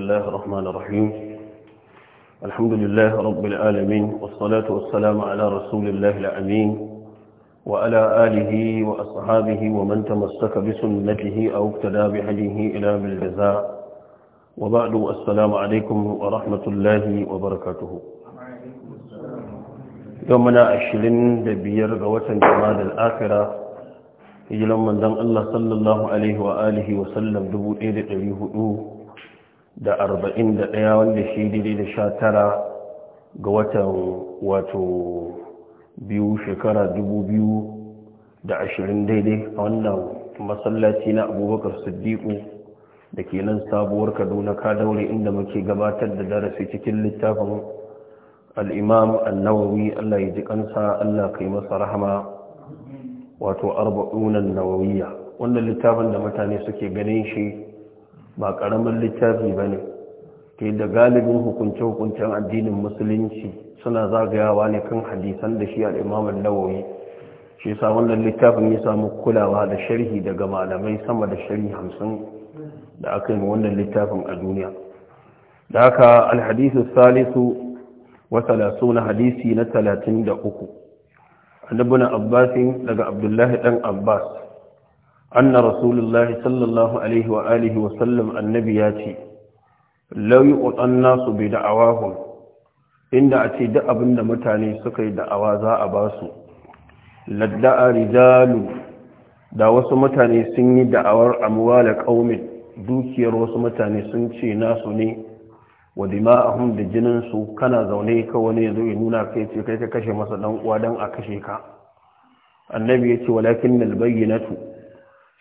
الله الرحمن الرحيم الحمد لله رب العالمين والصلاة والسلام على رسول الله الأمين وعلى آله وأصحابه ومن تمسك بسنته أو اقتدى بهديه إلى بالجزاء وبعد السلام عليكم ورحمة الله وبركاته يومنا أشلن دبير غوة جماد الآخرة يجلم من دم الله صلى الله عليه وآله وسلم دبو إيد قريه da arba'in da ɗaya wanda shi daidai da sha tara ga watan wato biyu shekara dubu da ashirin daidai a wannan masallaci na abubakar siddiƙu da ke nan sabuwar kaduna ka daure inda muke gabatar da darasi cikin littafin al'imam annawawi allah ya ji kansa allah kai masa rahama wato arba'unan nawawiya wannan littafin da mutane suke ganin shi ba ƙaramin littafi ba ne ke da galibin hukunce-hukuncen addinin musulunci suna zagayawa ne kan hadisan da shi al'imamun nawawi shi sa wannan littafin ya samu kulawa da sharhi daga malamai sama da sharhi hamsin da aka yi wannan littafin a duniya da haka alhadisu salisu wasalasu na hadisi na talatin da uku annabuna abbasin daga abdullahi dan abbas أن رسول الله صلى الله عليه وآله وسلم النبيات لو يؤطى الناس بدعواهم إن أتي دأبن متاني سكي دعوا ذا أباسو لدعا رجال da wasu mutane sun yi da'awar amwala qaumin dukiyar wasu mutane sun ce nasu ne wa dima'ahum da jinin su kana zaune ka wani yazo ya nuna kai ce kai ka kashe masa dan uwa dan a kashe ka annabi yace walakin al bayyinatu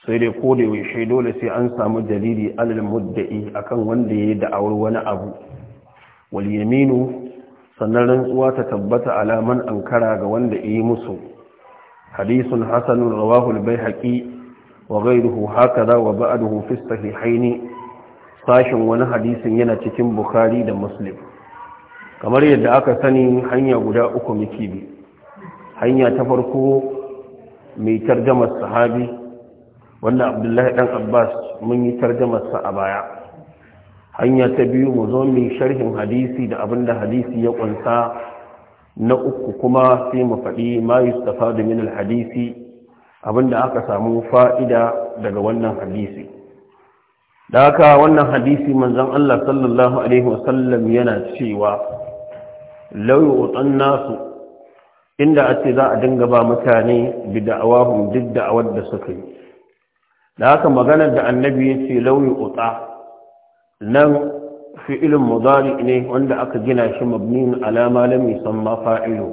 sai dai ko da yaushe dole sai an samu dalili alal mudda'i akan wanda ya yi da'awar wani abu wal yaminu sannan rantsuwa ta tabbata alaman ankara ga wanda yi musu hadisun hasanun rawahu al-baihaqi wa ghayruhu hakaza wa ba'dahu fi sahihayn sashin wani hadisin yana cikin bukhari da muslim kamar yadda aka sani hanya guda uku miki bi hanya ta farko mai tarjamar sahabi wanda abdullahi dan abbas mun yi tarjamarsa a baya hanya ta biyu mu zo mu sharhin hadisi da abin da hadisi ya kunsa na uku kuma sai mu faɗi ma yustafadu min alhadisi abin da aka samu fa'ida daga wannan hadisi da haka wannan hadisi manzon Allah sallallahu alaihi wasallam yana cewa law yu'tan nasu inda a ce za a dinga ba mutane bi da'awahum duk da'awar da suka yi da haka maganar da annabi ya ce lauyi utsa nan fi'ilin mudari ne wanda aka gina shi mabnin alama lam yusamma fa'ilu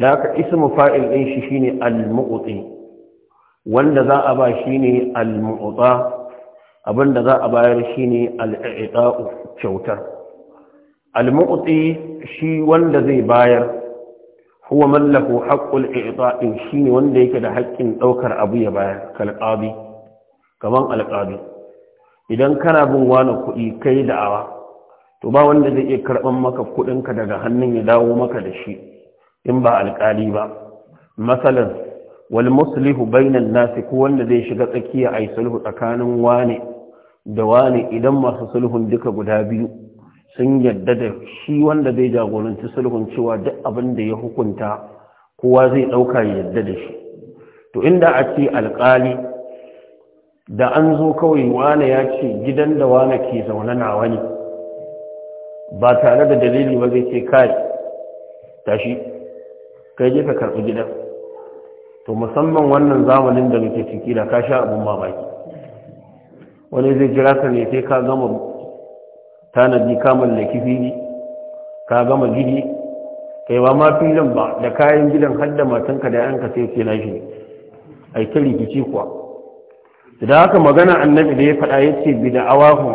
da haka ismu fa'il din shi shine al-mu'ti wanda za a ba shine al-mu'ta abinda za a bayar shine al-i'ta'u kyautar al-mu'ti shi wanda zai bayar huwa mallaku lahu haqqul i'ta'i shine wanda yake da haƙƙin ɗaukar abu ya bayar kal qadi kaman alƙali idan kana bin wani kuɗi kai da'awa to ba wanda zai iya karɓar maka kuɗinka daga hannun ya dawo maka da shi in ba alƙali ba masalan wal muslihu bainan nasi ko wanda zai shiga tsakiya ai sulhu tsakanin wani da wani idan masu sulhun duka guda biyu sun yadda da shi wanda zai jagoranci sulhun cewa duk abin da ya hukunta kowa zai ɗauka ya yadda da shi to inda a ce alƙali da an zo kawai wane ya ce gidan da wane ke zaune na wani ba tare da dalili ba zai ce kai tashi kai je ka karɓi gidan to musamman wannan zamanin da muke ciki da ka sha abin mamaki wani zai jira ka ne sai ka gama tanadi ka mallaki fili ka gama gidi kai ba ma filin ba da kayan gidan har matanka da yanka sai ce na shi ai ta rikici kuwa da haka magana annabi da ya faɗa ya ce bi da'awahu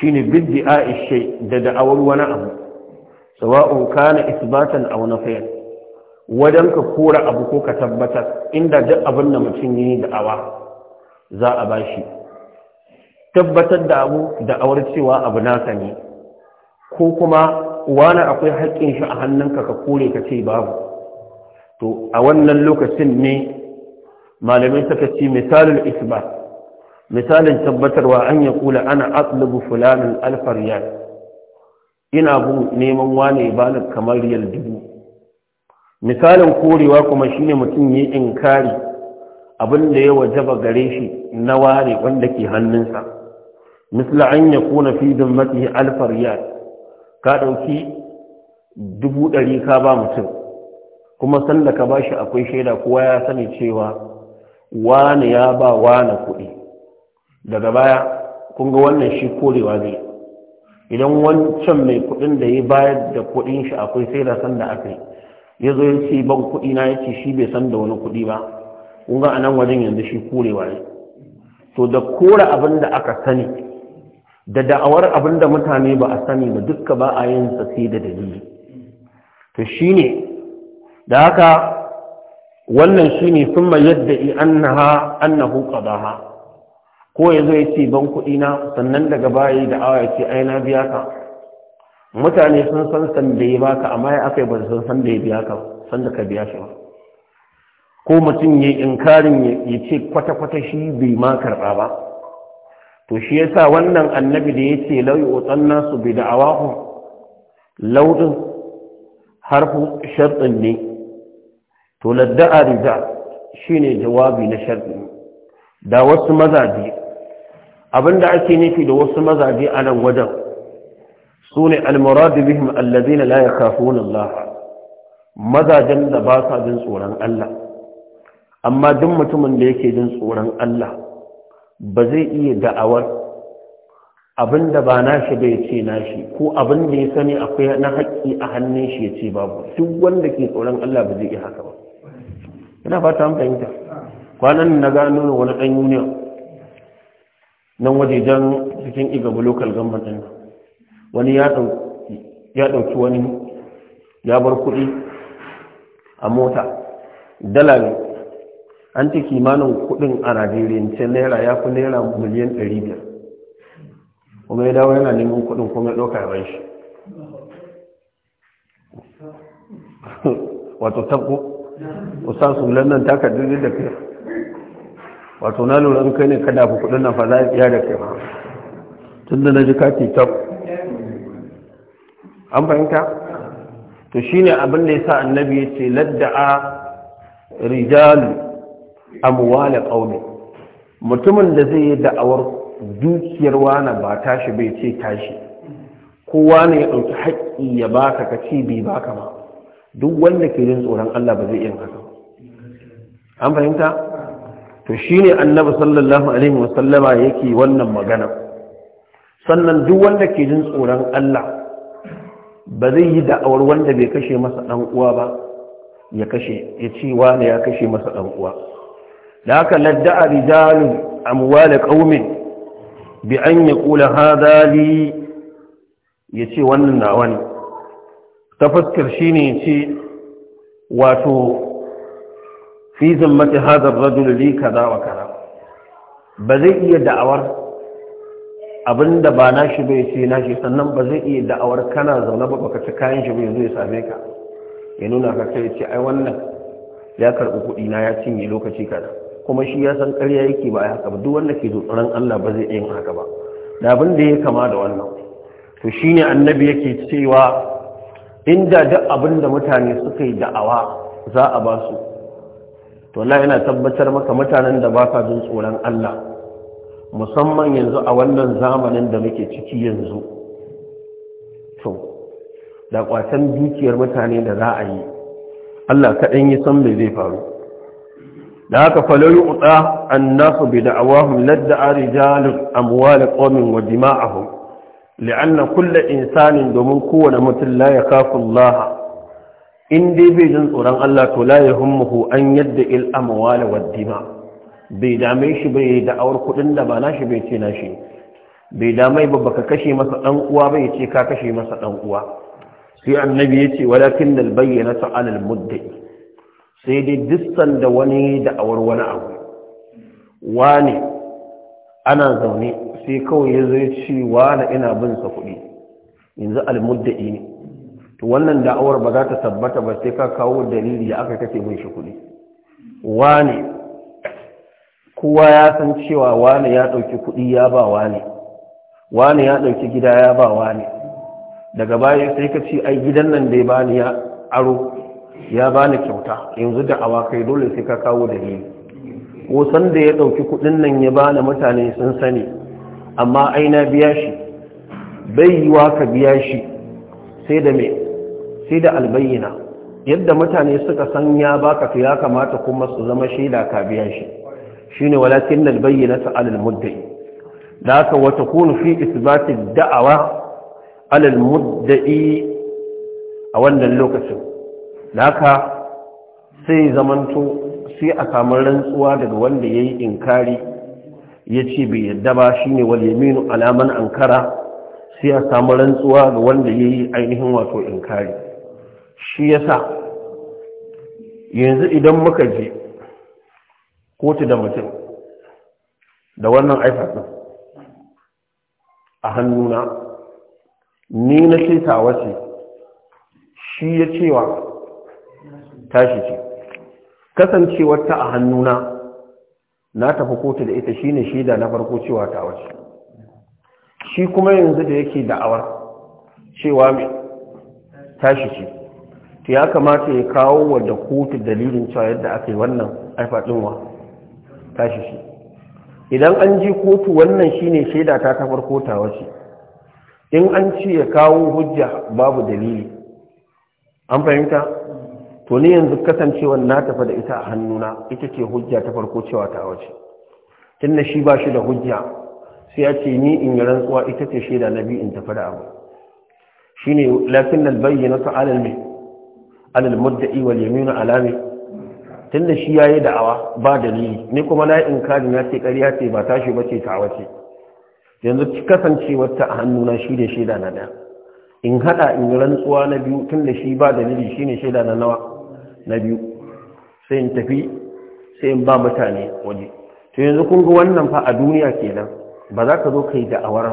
shine bid'a ishe da da'awar wani abu sawa'un kana isbatan aw nafiyan wajen ka kora abu ko ka tabbatar inda duk abin da mutum yi da'awa za a bashi tabbatar da abu awar cewa abu naka ne ko kuma wani akwai haƙƙin shi a hannunka ka kore ka ce babu to a wannan lokacin ne malamai suka ce misalin isba, misalin tabbatarwa an ya kula ana atlubu fulanin alfar ina bu neman wane bani kamar riyal dubu misalin korewa kuma shine mutum ya inkari abin da ya wajaba gare shi na ware wanda ke hannunsa misla an ya kuna fi dummatihi alfar ka ɗauki dubu ɗari ka ba mutum kuma sanda ka bashi akwai shaida kowa ya sani cewa wani ya ba wani kuɗi daga baya kun ga wannan shi korewa zai idan wancan mai kuɗin da ya bayar da kuɗin shi akwai sai da san aka yi ya zo ya ce ban kuɗi na ya ce shi bai san da wani kuɗi ba kun ga anan wajen yanzu shi korewa ne to da kore abin da aka sani da da'awar abin da mutane ba a sani ba dukka ba a yin sa sai da dalili to shine da haka wannan shi ne shine summa yadda annaha annahu qadaha ko ya zo ya ce ban kuɗi na sannan daga baya da awa ya ce ai na biya ka mutane sun san san da ya baka amma ya yi ba sun san da ya biya ka san da ka biya shi ba ko mutum ya inkarin ya ce kwata-kwata shi bai ma karɓa ba to shi sa wannan annabi da ya ce lauyi otsan nasu bi da awahu harfu sharɗin ne to ladda'a rija shine jawabi na shar'i da wasu mazaje abinda ake nufi da wasu mazaje a nan wajen su ne almuradu bihim allazina la yakhafuna Allah mazajen da ba sa jin tsoron Allah amma duk mutumin da yake jin tsoron Allah ba zai iya da'awar abin da ba nashi bai ce nashi ko abin da ya sani akwai na haƙƙi a hannun shi ya ce babu duk wanda ke tsoron Allah ba zai iya haka ba ina fata an fahimta kwanan na gano wani ɗan union nan wajejen cikin igabu local government ɗin wani ya ɗauki wani ya bar kuɗi a mota dala ne an ci kimanin kuɗin a najeriya ce naira ya fi naira miliyan 500 biyar kuma ya dawo yana neman kuɗin kuma ya ɗauka ya shi wato tabbo usta sulan nan taka duk da kai wato na lura in kai ne ka dafa kudin nan fa za ya da kai tun da na ji kati tab an fahimta to shine abin da yasa annabi ya ce ladda'a rijalu amwal qawmi mutumin da zai yi da'awar dukiyar wana ba tashi bai ce tashi kowa ne ya dauki haƙƙi ya baka ka ce bai baka ba duk wanda ke jin tsoron Allah ba zai iya haka an fahimta to shine annabi sallallahu alaihi wasallama yake wannan magana sannan duk wanda ke jin tsoron Allah ba zai yi da'awar wanda bai kashe masa dan uwa ba ya kashe ya ce wani ya kashe masa dan uwa da haka ladda'a rijalun amwal qaumin bi an yaqula hadha li yace wannan nawa ne ta fuskar shi ne ce wato fi zimmati hadar rajul li kaza wa kaza ba zai iya da'awar abinda ba nashi bai ce nashi sannan ba zai iya da'awar kana zaune ba baka ci kayan shi bai zo ya same ka ya nuna ka kai ce ai wannan ya karɓi kuɗi na ya cinye lokaci kaza kuma shi ya san ƙarya yake ba ya haka ba duk wanda ke zo tsoron Allah ba zai yin haka ba da abin da ya kama da wannan to shine annabi yake cewa inda duk abin da mutane suka yi da'awa za a ba su to la yana tabbatar maka mutanen da ba sa jin tsoron Allah musamman yanzu a wannan zamanin da muke ciki yanzu to da kwatan dukiyar mutane da za a yi Allah kaɗan yi san mai zai faru da haka falayu utsa annasu bi da'awahum ladda arijalun amwal qawmin wa dima'ahum li'anna kulla insanin domin kowane mutum la ya kafin laha in dai bai jin tsoron Allah to la ya hummuhu an yadda il'amawa da waddima? bai dame shi bai da'awar kudin da ba nashi bai ce nashi bai dame ba baka kashe masa dan uwa bai ce ka kashe masa dan uwa sai annabi ya ce walakin al bayyana su al muddi sai dai dissan da wani da'awar wani abu wani ana zaune sai kawai ya zai ci na ina bin sa kuɗi yanzu almuddai ne to wannan da'awar ba za ta tabbata ba sai ka kawo dalili ya aka kake bin shi kuɗi wane kowa ya san cewa wane ya ɗauki kuɗi ya ba wane wane ya ɗauki gida ya ba wane daga baya sai ka ce ai gidan nan dai bani ya aro ya bani kyauta yanzu da'awa kai dole sai ka kawo dalili wasan da ya ɗauki kuɗin nan ya bani mutane sun sani amma aina biya shi bai yi wa ka biya shi sai da mai sai da albayyana yadda mutane suka san ya baka ka ya kamata kuma su zama shaida ka biya shi shine walakin albayyana ta alal muddai da wata wa takunu fi isbati da'awa alal muddai a wannan lokacin da haka sai zamanto sai a samu rantsuwa daga wanda ya yi inkari ya ce bai yadda ba shi ne wal yaminu alaman ankara sai a samu rantsuwa ga wanda ya yi ainihin wato inkari shi ya sa yanzu idan muka je kotu da mutum da wannan aifatsun a hannuna ni na ce tawace shi ya cewa tashi ce kasancewarta a hannuna na tafi kotu da ita shine shaida na farko cewa ta wace shi kuma yanzu da yake da'awar cewa mai tashi ce to ya kamata ya kawo wa da kotu dalilin cewa yadda aka yi wannan aifaɗin wa tashi ce. idan an ji kotu wannan shine shaida ta ta farko ta wace in an ce ya kawo hujja babu dalili an fahimta to ne yanzu kasancewar na tafi da ita a hannuna ita ce hujja ta farko cewa ta wace tunda shi ba shi da hujja sai ya ce ni in yi rantsuwa ita ce shaida na biyu in tafi da abu shi ne lafin ta alal mai alal alalmuddai wal yaminu alami tunda shi ya yi da'awa ba dalili ni kuma na in inkari na ce ƙarya ce ba tashi ce ta wace yanzu kasancewar ta a hannuna shi ne shaida na daya in hada in rantsuwa na biyu tunda shi ba dalili ne shaida na nawa na biyu sai in tafi sai in ba mutane waje to yanzu kun ga wannan fa a duniya kenan ba za ka zo kai da da'awar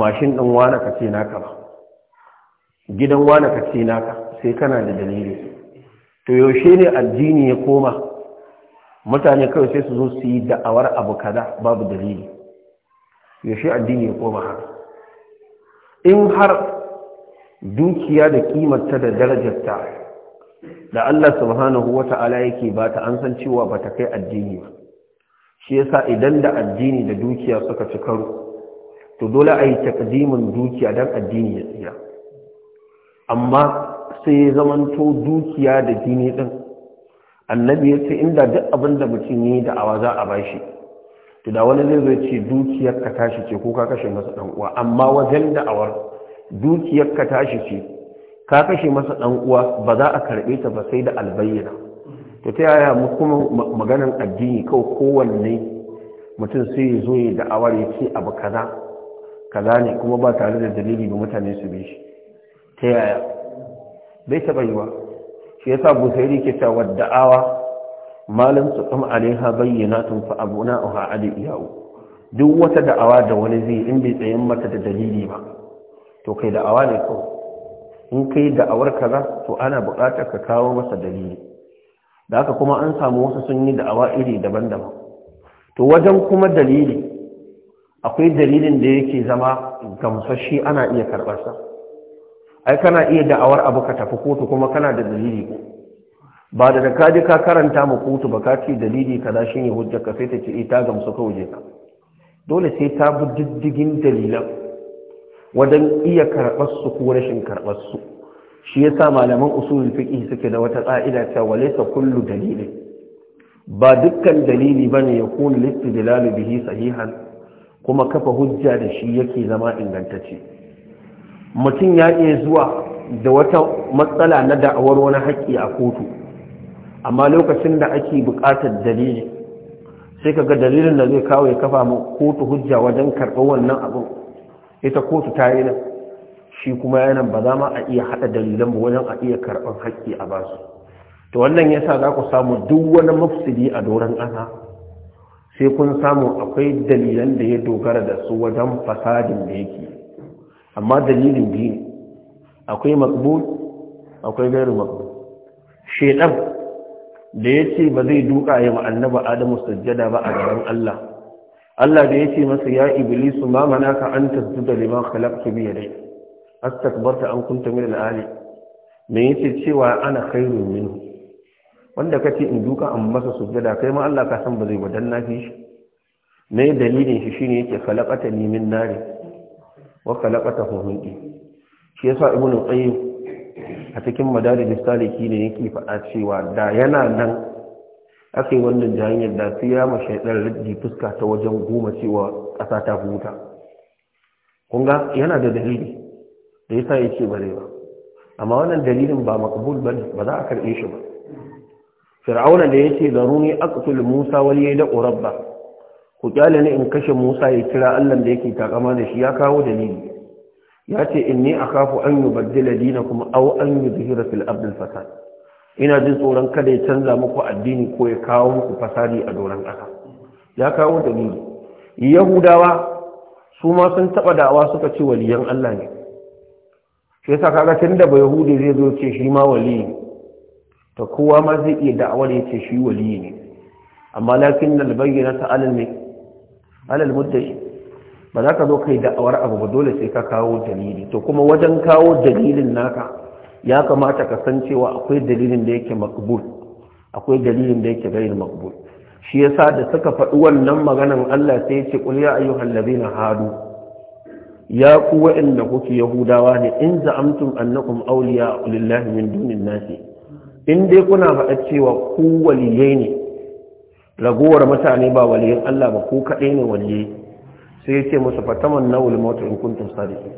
mashin ɗin wane ka ce naka ba gidan wane ka ce naka sai kana da dalili to yaushe ne addini ya koma mutane kawai sai su zo su yi da'awar abu kada babu dalili yaushe addini ya koma haka in har dukiya da kimarta da darajarta da Allah subhanahu wata'ala yake ba ta an san cewa ba ta kai addini ba shi yasa idan da addini da dukiya suka ci karu, to dole a yi takdimin dukiya don addini ya tsira amma sai ya zamanto dukiya da jini din annabi ya ce inda duk abin da mutum yi da awa za a bashi to da wani zai zo ce dukiyar ka tashi ce ko ka kashe masa dan uwa amma wajen da awar dukiyar ka tashi ce ka kashe masa ɗan uwa ba za a karɓe ta ba sai da albayyana to ta yaya mu kuma maganan addini kawai kowanne mutum sai ya zo ya awar ya ce abu kaza kaza ne kuma ba tare da dalili ba mutane su bi shi ta yaya bai taba yi ba shi ya yasa busairi ke cewa da'awa malam su kama alaiha tun fa abuna uha ali iyawu duk wata da'awa da wani zai in bai tsayin mata da dalili ba to kai da'awa ne kawai in kai da'awar kaza to ana buƙatar ka kawo masa dalili da haka kuma an samu wasu sun yi da'awa iri daban-daban to wajen kuma dalili akwai dalilin da yake zama gamsashi ana iya karɓarsa ai kana iya da'awar abu ka tafi kotu kuma kana da dalili ba da da kaji ka karanta mu kotu ba ka ce dalili kaza shine hujjar ka sai ta ce ita eh, gamsu ka waje ka dole sai ta bi diddigin dalilan wajen iya karɓar su ko rashin karɓar su shi yasa malaman usulul fiqh suke da wata ƙa'ida ta walaysa kullu dalilin ba dukkan dalili ba ne ya kunu da bihi sahihan kuma kafa hujja da shi yake zama ingantacce mutum ya iya zuwa da wata matsala na da'awar wani haƙƙi a kotu amma lokacin da ake buƙatar dalili sai kaga dalilin da zai kawo ya kafa mu kotu hujja wajen karɓar wannan abin ita kotu ta yi nan shi kuma yanan ba za ma a iya haɗa dalilan ba wajen a iya karɓar haƙƙi a basu to wannan yasa za ku samu duk wani mafsidi a doron ƙasa sai kun samu akwai dalilan da ya dogara da su wajen fasadin da yake amma dalilin biyu ne akwai makbul akwai gairu makbul shedan da ya ce ba zai duka ya ma'annaba adamu sajjada ba a gaban Allah Allah da ya ce masa ya iblisu ma manaka an tazzuda lima khalaqtu bi yadayya astakbarta an kunta min al-ali me yace cewa ana khairu min wanda kace in duka an masa sujjada kai ma Allah ka san ba zai wadan na fi shi me dalilin shi shine yake ni min nari wa hu min di shi yasa ibnu qayyim a cikin madarijus saliki ne yake faɗa cewa da yana nan aka yi wannan jihanyar da su ya mashi ɗan rajji fuska ta wajen goma cewa ƙasa ta huta kunga yana da dalili da ya sa ya ce bare ba amma wannan dalilin ba makabul ba ba za a karɓe shi ba fir'auna da ya ce zaruni aqtul musa ya da yada urabba ku kyale ne in kashe musa ya kira allah da yake takama da shi ya kawo dalili ya ce inni akafu an yubaddila dinakum aw an yuzhira fil Abdul fasad ina jin tsoron kada ya canza muku addini ko ya kawo muku fasari a doron ƙasa ya kawo dalili yahudawa su ma sun taɓa da'awa suka ce waliyan Allah ne shi yasa kaga tun da bai yahudi zai zo ce shi ma wali to kowa ma zai iya da'awar ya ce shi wali ne amma lakin na bayyana ta alal ne alal muddai ba za ka zo kai da'awar abu ba dole sai ka kawo dalili to kuma wajen kawo dalilin naka ya kamata ka san cewa akwai dalilin da yake makbul akwai dalilin da yake gairin makbul shi yasa da suka faɗi wannan maganan Allah sai ya ce qul ya ayyuhal ladina hadu ya ku wa'anda kuke yahudawa ne in za'amtum annakum awliya lillahi min dunin nasi in dai kuna faɗa cewa ku waliyai ne ragowar mutane ba waliyan Allah ba ku kaɗai ne waliyai sai ya ce musu fataman nawul mawt in kuntum sadiqin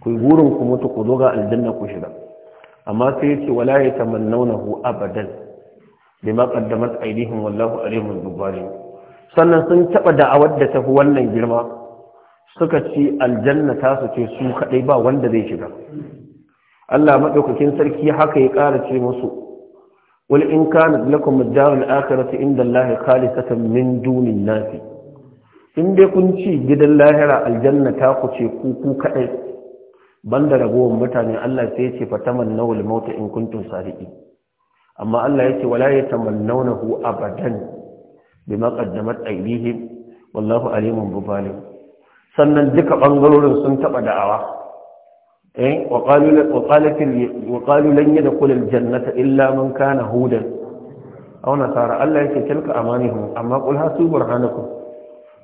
ku gurin ku mutu ku zo ga aljanna ku shiga amma sai yace wala yatamannawnahu abadan bima qaddamat aydihim wallahu alimun bizalim sannan sun taba da'awar da tafi wannan girma suka ci aljanna ta su ce su kadai ba wanda zai shiga Allah madaukakin sarki haka ya ƙara ce musu wal in kana lakum ad-darul akhiratu inda Allah khalisatan min dunin nasi in dai kun ci gidan lahira aljanna ta ku ce ku ku kadai banda ragowar mutane Allah sai ya ce fatamannawul mauta in kuntum sadiqin amma Allah ya ce wala yatamannawnahu abadan bima qaddamat aydihim wallahu alimun bi sannan duka bangarorin sun taba da'awa eh wa qalu wa qalat wa qalu lan yadkhul aljannata illa man kana hudan aw nasara Allah ya ce tilka amanihum amma qul hasu burhanakum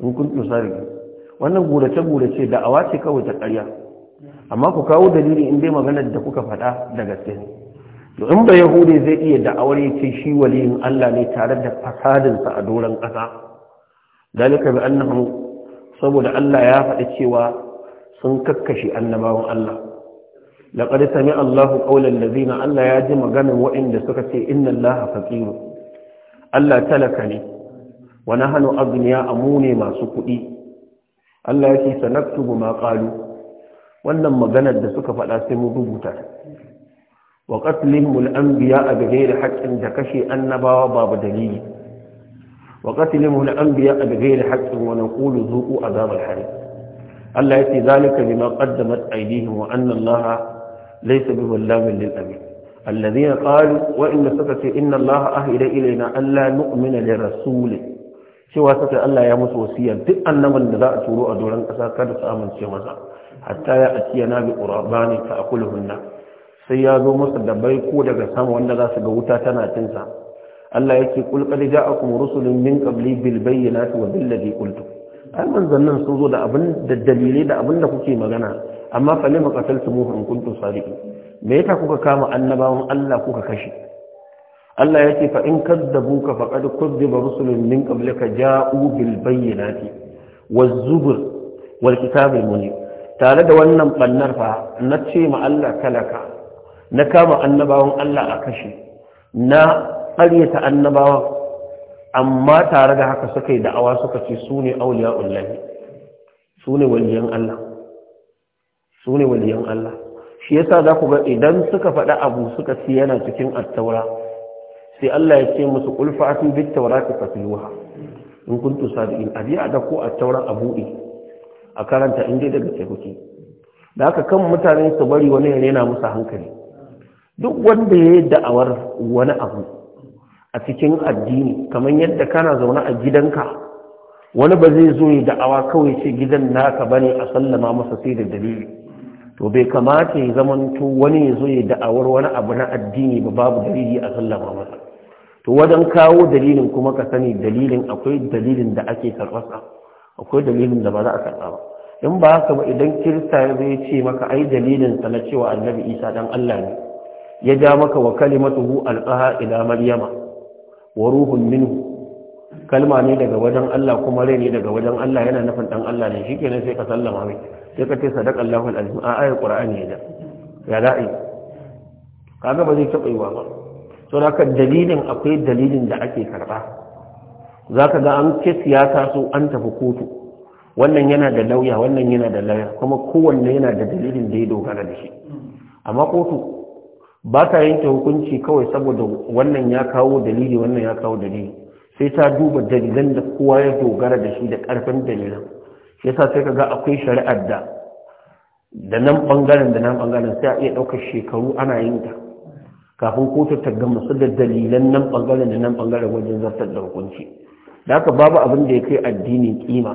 in kuntum sadiqin wannan gurace gurace da'awa ce kawai ta ƙarya amma ku kawo dalili in dai maganar da kuka faɗa da gaske ne in ba yahudi zai iya da'awar ya ce shi waliyin Allah ne tare da fasadinsa a doron ƙasa dalika bi annahum saboda Allah ya faɗi cewa sun kakkashe annabawan Allah laqad sami'a Allahu qawlan ladina Allah ya ji maganar waɗanda suka ce inna Allaha faqir Allah talaka ne wa nahnu aghniya amune masu kuɗi Allah ya ce sanaktubu ma qalu wannan maganar da suka faɗa sai mu rubuta wa qatlihimul anbiya a bighairi haqqin da kashe annabawa babu dalili wa qatlihimul anbiya a bighairi haqqin wa naqulu zuqu azab al-harim Allah yace zalika bima qaddamat aydihim wa anna Allah laysa biwallamin lil amin alladhina qalu wa inna sakata inna Allah ahida ilayna an la nu'mina lirasuli cewa saka Allah ya musu wasiya duk annaban da za a turo a doron kasa kada su amince masa hatta ya atiyana bi qurbani fa akuluhunna sai ya zo masa da baiko daga sama wanda za su ga wuta tana cinsa Allah yake kul ja ja'akum rusulun min qabli bil bayyinati wa bil ladhi qultum ai manzannin sun zo da abin da dalilai da abin da kuke magana amma fa lima qataltumuhu in kuntum sadiqin me yasa kuka kama annabawan Allah kuka kashe Allah yake fa in kaddabuka faqad kuzziba rusulun min qablika ja'u bil bayyinati waz zubur wal kitabil munir tare da wannan bannar fa na ce ma Allah talaka na kama annabawan Allah a kashe na ƙaryata annabawan amma tare da haka suka yi da'awa suka ce su ne auliya'ullahi su ne waliyan Allah su ne waliyan Allah shi yasa za ku ga idan suka faɗi abu suka ce yana cikin attaura sai Allah ya ce musu kulfa atin bit taurati fatiluha in kuntu sadiqin abiya da ko attaura abu'i a karanta in dai daga sai kuke da aka kan mutane su bari wani ya rena musu hankali duk wanda ya yi da'awar wani abu a cikin addini kamar yadda kana zaune a gidanka wani ba zai zo ya da'awa kawai ce gidan naka bane a sallama masa sai da dalili to bai kamata ya zamanto wani ya zo ya da'awar wani abu na addini ba babu dalili a sallama masa to wajen kawo dalilin kuma ka sani dalilin akwai dalilin da ake karɓarsa akwai dalilin da ba za a karɓa ba in ba haka ba idan kirista zai ce maka ai dalilin sa na cewa annabi isa dan allah ne ya ja maka wa kalimatuhu alqaha ila maryama wa ruhun minhu kalma ne daga wajen allah kuma rai ne daga wajen allah yana nufin dan allah ne shikenan sai ka sallama mai sai ka ce sadaqallahu alazim a ayat qur'ani ya da ya da'i kaga ba zai taɓa yi ba so da dalilin akwai dalilin da ake karɓa za ka ga an ke siyasa su an tafi kotu wannan yana da lauya wannan yana da lauya kuma kowanne yana da dalilin da ya dogara da shi amma kotu ba ta yanke hukunci kawai saboda wannan ya kawo dalili wannan ya kawo dalili sai ta duba dalilan da kowa ya dogara da shi da karfin dalilan shi yasa sai kaga akwai shari'ar da da nan bangaren da nan bangaren sai a iya ɗaukar shekaru ana yin ta kafin kotu ta gama su da dalilan nan bangaren da nan bangaren wajen zartar da hukunci da aka babu abin da ya kai addini kima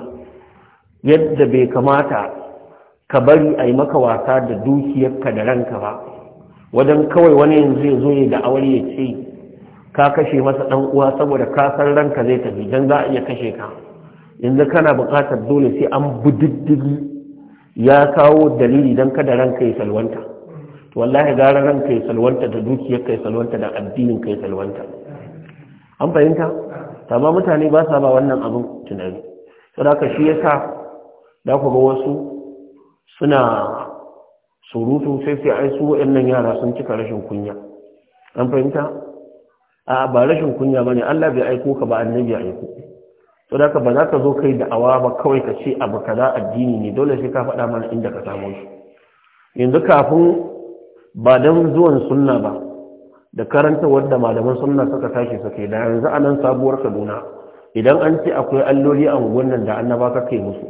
yadda bai kamata ka bari a yi maka wasa da dukiyarka da ranka ba wajen kawai wani yanzu ya zo ya da aure ya ce ka kashe masa ɗan uwa saboda ka ranka zai tafi dan za a iya kashe ka yanzu kana buƙatar dole sai an bididdigi ya kawo dalili dan kada ranka ya salwanta To wallahi gara ranka ya salwanta da dukiyarka ya salwanta da addinin ka ya salwanta an fahimta amma mutane ba sa ba wannan abin tunani saboda shi yasa da ku ga wasu suna surutu sai sai ai su waɗannan yara sun cika rashin kunya an fahimta a ba rashin kunya bane Allah bai aiko ka ba annabi ya aiko to da ka ba za ka zo kai da awa ba kawai ka ce abu kaza addini ne dole sai ka faɗa mana inda ka samu shi yanzu kafin ba dan zuwan sunna ba da karantar wadda malaman sunna suka tashi sake da yanzu anan sabuwar kaduna idan an ce akwai alloli a unguwannan da annaba ka kai musu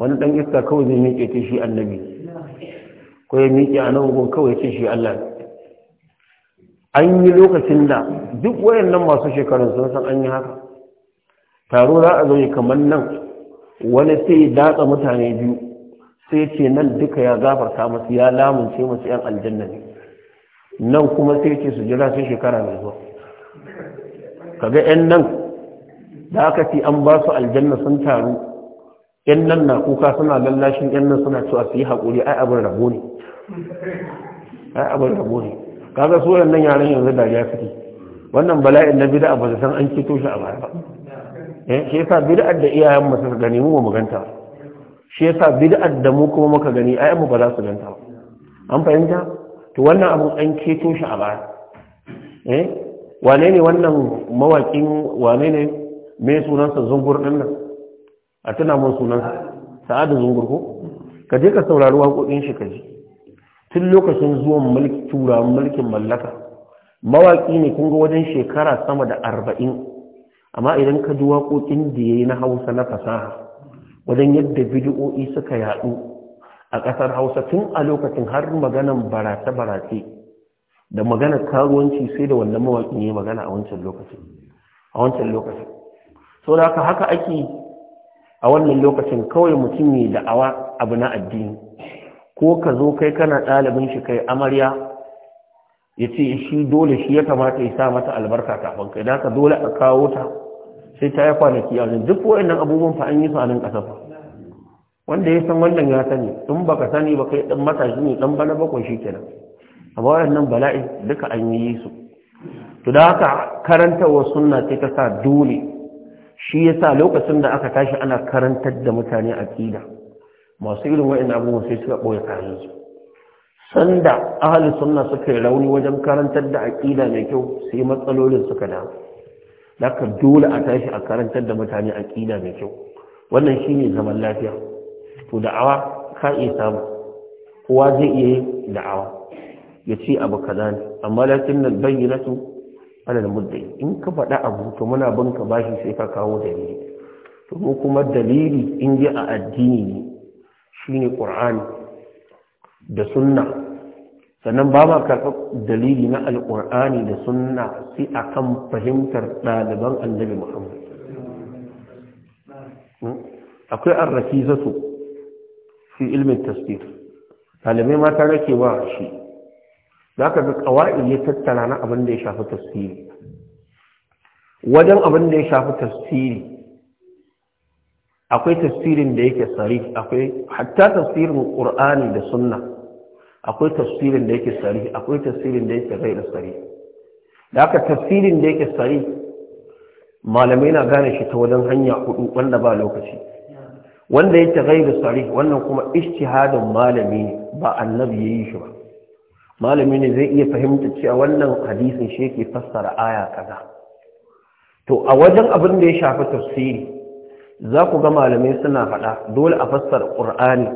wani dan iska kawai zai miƙe ce shi annabi ko ya miƙe a nan kawai ce shi allah an yi lokacin da duk wayannan masu shekarun sun san an yi haka taro za a zo kamar nan wani sai ya datsa mutane biyu sai ce nan duka ya gafarta masu ya lamunce masu yan aljanna ne nan kuma sai ce su jira sai shekara mai zuwa kaga yan nan da aka ci an ba su aljanna sun taru yan nan na kuka suna lallashin yan nan suna cewa su yi haƙuri ai abin rabo ne ai abin rabo ne kaga su nan yaran yanzu da ya suke wannan bala'in na bida ba san an kito shi a baya ba eh, shi yasa bid'ar da iyayen mu suka gani mu ba mu ganta shi yasa bid'ar da mu kuma muka gani ai mu ba za su ganta ba an fahimta to wannan abu an keto shi a baya eh wane ne wannan mawakin wane ne me sunansa zungur din nan a tuna mun sunansa sa'adu zungur ko ka je ka saurari waƙoƙin shi kaji. tun lokacin zuwan mulki tura mulkin mallaka Mawaki ne kun ga wajen shekara sama da arba'in amma idan ka ji waƙoƙin da ya yi na hausa na fasaha wajen yadda bidiyo'i suka yaɗu a ƙasar hausa tun a lokacin har maganan barace-barace da magana karuwanci sai da wannan mawaƙin ya magana a wancan lokacin a wancan lokacin so da haka haka ake a wannan lokacin kawai mutum ne da awa abu na addini ko ka zo kai kana ɗalibin shi kai amarya ya ce shi dole shi ya kamata ya sa mata albarka kafin kai da haka dole a kawo ta sai ta yi kwanaki a wajen duk wa'annan abubuwan fa yi su a nan ƙasa wanda ya san wannan ya sani in baka sani ba kai ɗan matashi ne dan bana bakwai shikenan amma wannan bala'i duka an yi su to da haka karantawa sunna ce ta sa dole shi yasa lokacin da aka tashi ana karantar da mutane aqida masu irin wa'in abubuwan sai suka boye kayan su sanda ahli sunna suka yi rauni wajen karantar da aqida mai kyau sai matsalolin suka da da dole a tashi a karantar da mutane aqida mai kyau wannan shine zaman lafiya to da'awa ka iya samu kowa zai iya yin da'awa ya ce abu ka zane amma lakin nan bayyana su ana da muddai in ka faɗa abu to muna bin ka bashi sai ka kawo dalili to mu kuma dalili in ji a addini ne shine qur'ani da sunna sannan ba ma karɓar dalili na alƙur'ani da sunna sai a kan fahimtar ɗaliban annabi muhammad hmm? akwai arrafi zasu fi ilmin tasbir ɗalibai mata rake ba shi za ka ga ƙawa'i ya tattara na abin da ya shafi tasiri wajen abin da ya shafi tasiri akwai tasirin da yake sari akwai hatta tasirin ƙur'ani da sunna akwai tasirin da yake sari akwai tasirin da yake rai da sari da aka tasirin da yake sari malamai na gane shi ta wajen hanya hudu wanda ba lokaci wanda yake ghairu sarih wannan kuma ijtihadin malami ba annabi yayi shi ba malami ne zai iya fahimta cewa wannan hadisin shi yake fassara aya kaza to a wajen abin da ya shafi tafsiri za ku ga malamai suna faɗa dole a fassara ƙur'ani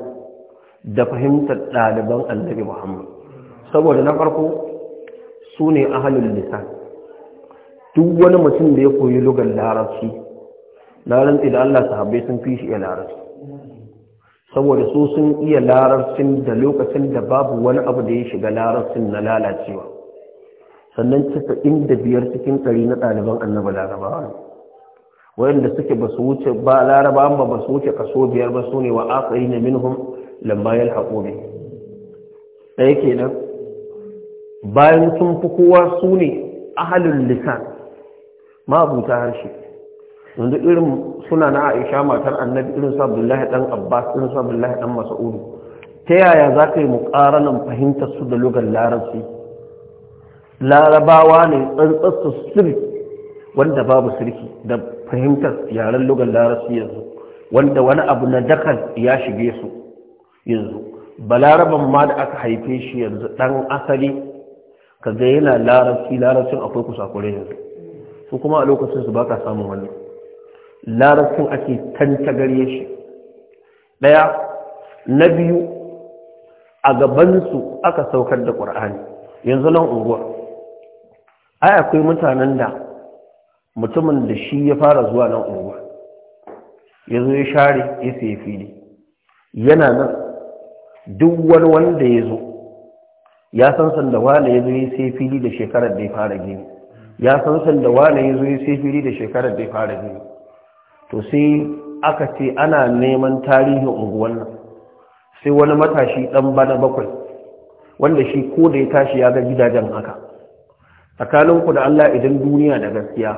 da fahimtar ɗaliban annabi muhammad saboda na farko su ne halin lisan duk wani mutum da ya koyi lugar larabci na da allah sahabbai sun fi shi iya larabci saboda su sun iya larabcin da lokacin da babu wani abu da ya shiga larabcin na lalacewa sannan casa'in da biyar cikin tsari na ɗaliban annaba larabawa wayanda suke ba su wuce ba larabawan ba ba su wuce kaso biyar ba su ne wa asari na minhum lamma haƙobi ɗaya ke kenan bayan sun fi kowa su ne ahalin lisan ma harshe yanzu irin suna na aisha matar annabi irin sabbin lahi dan abbas irin sabbin lahi dan mas'ud ta yaya za ka yi muƙaranan fahimtar su da lugar larabci larabawa ne tsantsarsu sirri wanda babu sirki da fahimtar yaren lugar larabci yanzu wanda wani abu na dakar ya shige su yanzu laraban ma da aka haife shi yanzu ɗan asali ka ga yana larabci larabcin akwai kusa yanzu su kuma a lokacin su ka samun wannan larabcin ake gare shi ɗaya na biyu a gabansu aka saukar da ƙwar'ani yanzu nan unguwa ai akwai mutanen da mutumin da shi ya fara zuwa nan unguwa ya zo ya share ya sai fili yana nan duk wani wanda ya zo ya san da wane ya zo ya sai fili da shekarar da ya fara gini ya san da wane ya zo ya sai fili da shekarar da ya fara gini to sai aka ce ana neman tarihin unguwan nan sai wani matashi dan bana bakwai wanda shi ko da ya tashi ya ga gidajen haka tsakaninku da Allah idan duniya da gaskiya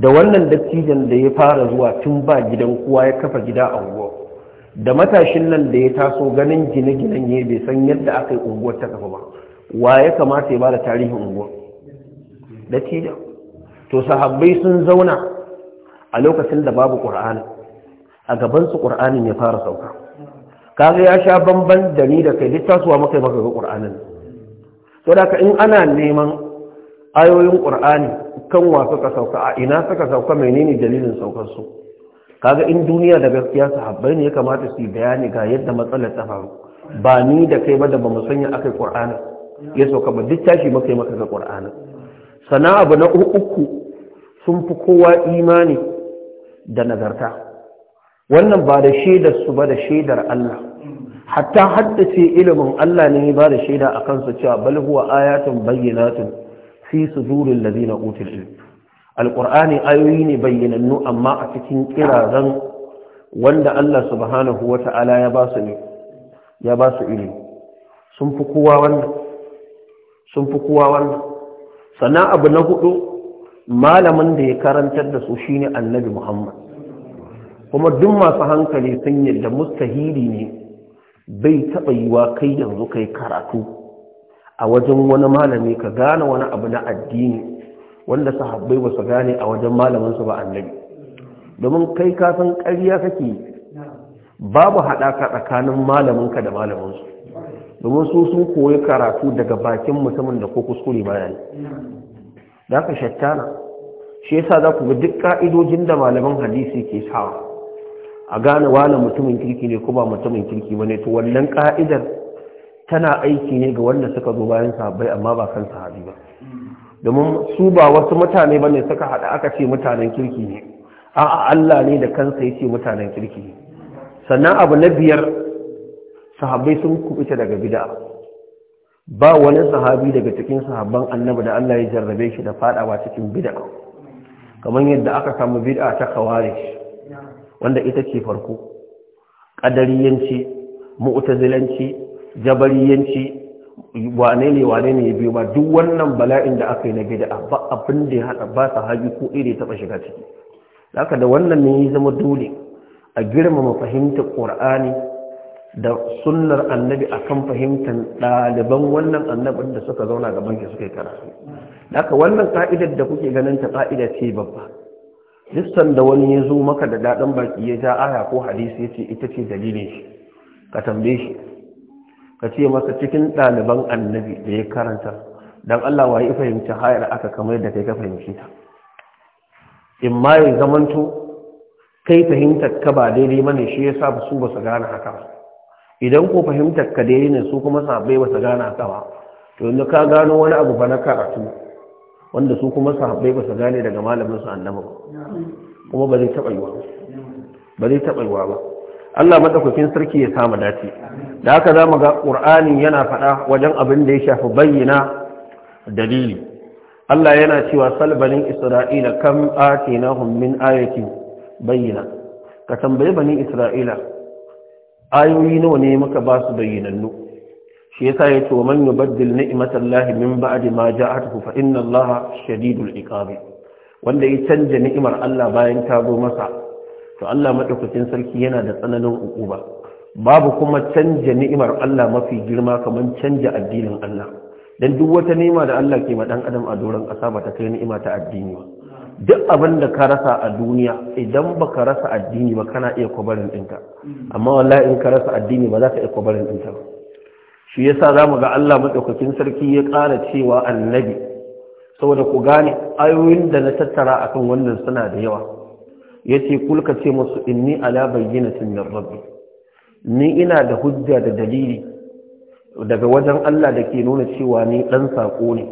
da wannan dattijan da ya fara zuwa tun ba gidan kowa ya kafa gida a unguwa da matashin nan da ya taso ganin gine-ginen ya bai san yadda aka yi unguwar ta kafa ba wa ya kamata ya ba da tarihin unguwar dattijan to sahabbai sun zauna a lokacin da babu ƙur'ani a gabansu ƙur'anin ya fara sauka kaga ya sha bamban da ni da kai littasuwa maka maka ga ƙur'anin to da ka in ana neman ayoyin ƙur'ani kan wasu suka sauka a ina suka sauka menene dalilin saukar su kaga in duniya da gaskiya sahabbai ne ya kamata su yi bayani ga yadda matsalar ta faru ba ni da kai ba da bamu sanya akai ƙur'ani ya sauka ba duk tashi maka maka ga ƙur'ani Sana'a abu na uku sun fi kowa imani da nagarta wannan ba da shaidar su ba da shaidar Allah hatta haddace ilimin Allah ne ba da shaida a kansu cewa bal huwa ayatun bayyinatun fi suduril ladina utul ilm alqur'ani ayoyi ne bayyinannu amma a cikin kirazan wanda Allah subhanahu wata'ala ya ba su ne ya ba su ilimi sun fi kowa wannan sun fi kowa wannan sannan abu na hudu malamin da ya karantar da su shine annabi muhammad kuma duk masu hankali sun yadda mustahili ne bai taɓa yi wa kai yanzu kai karatu a wajen wani malami ka gane wani abu na addini wanda sahabbai ba su gane a wajen malaminsu ba annabi domin kai kasan ƙarya kake babu haɗaka tsakanin malaminka da malaminsu domin su sun koyi karatu daga bakin mutumin da ko kuskure bayan da aka shattana shi ya sa za ku ga duk ka'idojin da malaman hadisi ke sawa a gane wala mutumin kirki ne ko ba mutumin kirki ba ne to wannan ka'idar tana aiki ne ga wanda suka zo bayan sahabbai amma ba kan sahabi ba domin su ba wasu mutane ba ne suka haɗa aka ce mutanen kirki ne a'a Allah ne da kansa ya ce mutanen kirki sannan abu na biyar sahabbai sun kubuta daga bid'a ba wani sahabi daga cikin sahabban annabi da Allah ya jarrabe shi da fadawa cikin bid'a kamar yadda aka samu bid'a ta khawarij wanda ita ce farko qadariyanci mu'tazilanci jabariyanci wane ne wane ne biyu ba duk wannan bala'in da aka yi na bid'a ba abin da ya hada ba sahabi ko iri ta shiga ciki haka da wannan ne ya zama dole a girmama fahimtar qur'ani da sunnar annabi a kan fahimtar ɗaliban wannan annabin da suka zauna gaban ki suka yi karatu aka wannan ka'idar da kuke ganin ta ka'ida ce babba duk da wani ya zo maka da daɗin baki ya ja aya ko hadisi ya ce ita ce dalilin shi ka tambaye shi ka ce masa cikin ɗaliban annabi da ya karanta don Allah wa ya fahimci hayar aka kamar da kai ka fahimci ta in ma ya zamanto kai fahimtar ka ba daidai mana shi ya sa su ba su gane haka ba idan ko fahimtar ka dai ne su kuma sahabbai ba su gana ka ba to yanzu ka gano wani abu ba na karatu wanda su kuma sahabbai ba su gane daga malamin su annaba ba kuma ba zai taɓa yiwa ba zai taɓa yiwa ba Allah madaukakin sarki ya samu dace da haka za mu ga Al-Qur'ani yana faɗa wajen abin da ya shafi bayyana dalili Allah yana cewa salbanin isra'ila kam atinahum min ayatin bayyana ka tambaye bani isra'ila ayoyi nawa ne muka ba su bayyanannu shi yasa ya ce wa man yubaddil ni'matallahi min ba'di ma ja'atuhu fa inna allaha shadidul iqab wanda ya canja ni'imar Allah bayan ta zo masa to Allah madaukakin sarki yana da tsananin ukuba babu kuma canja ni'imar Allah mafi girma kamar canja addinin Allah dan duk wata ni'ima da Allah ke ma dan adam a doron ƙasa ba ta kai ni'ima ta addini ba duk abin da ka rasa a duniya idan ba ka rasa addini ba kana iya kwabarin ɗinka amma wallahi in ka rasa addini ba za ka iya kwabarin ɗinka ba shi ya sa za mu ga Allah maɗaukakin sarki ya ƙara cewa annabi saboda ku gane ayoyin da na tattara akan wannan suna da yawa ya ce kulka ce masu inni ala bayyinatin min rabbi ni ina da hujja da dalili daga wajen Allah da ke nuna cewa ni ɗan saƙo ne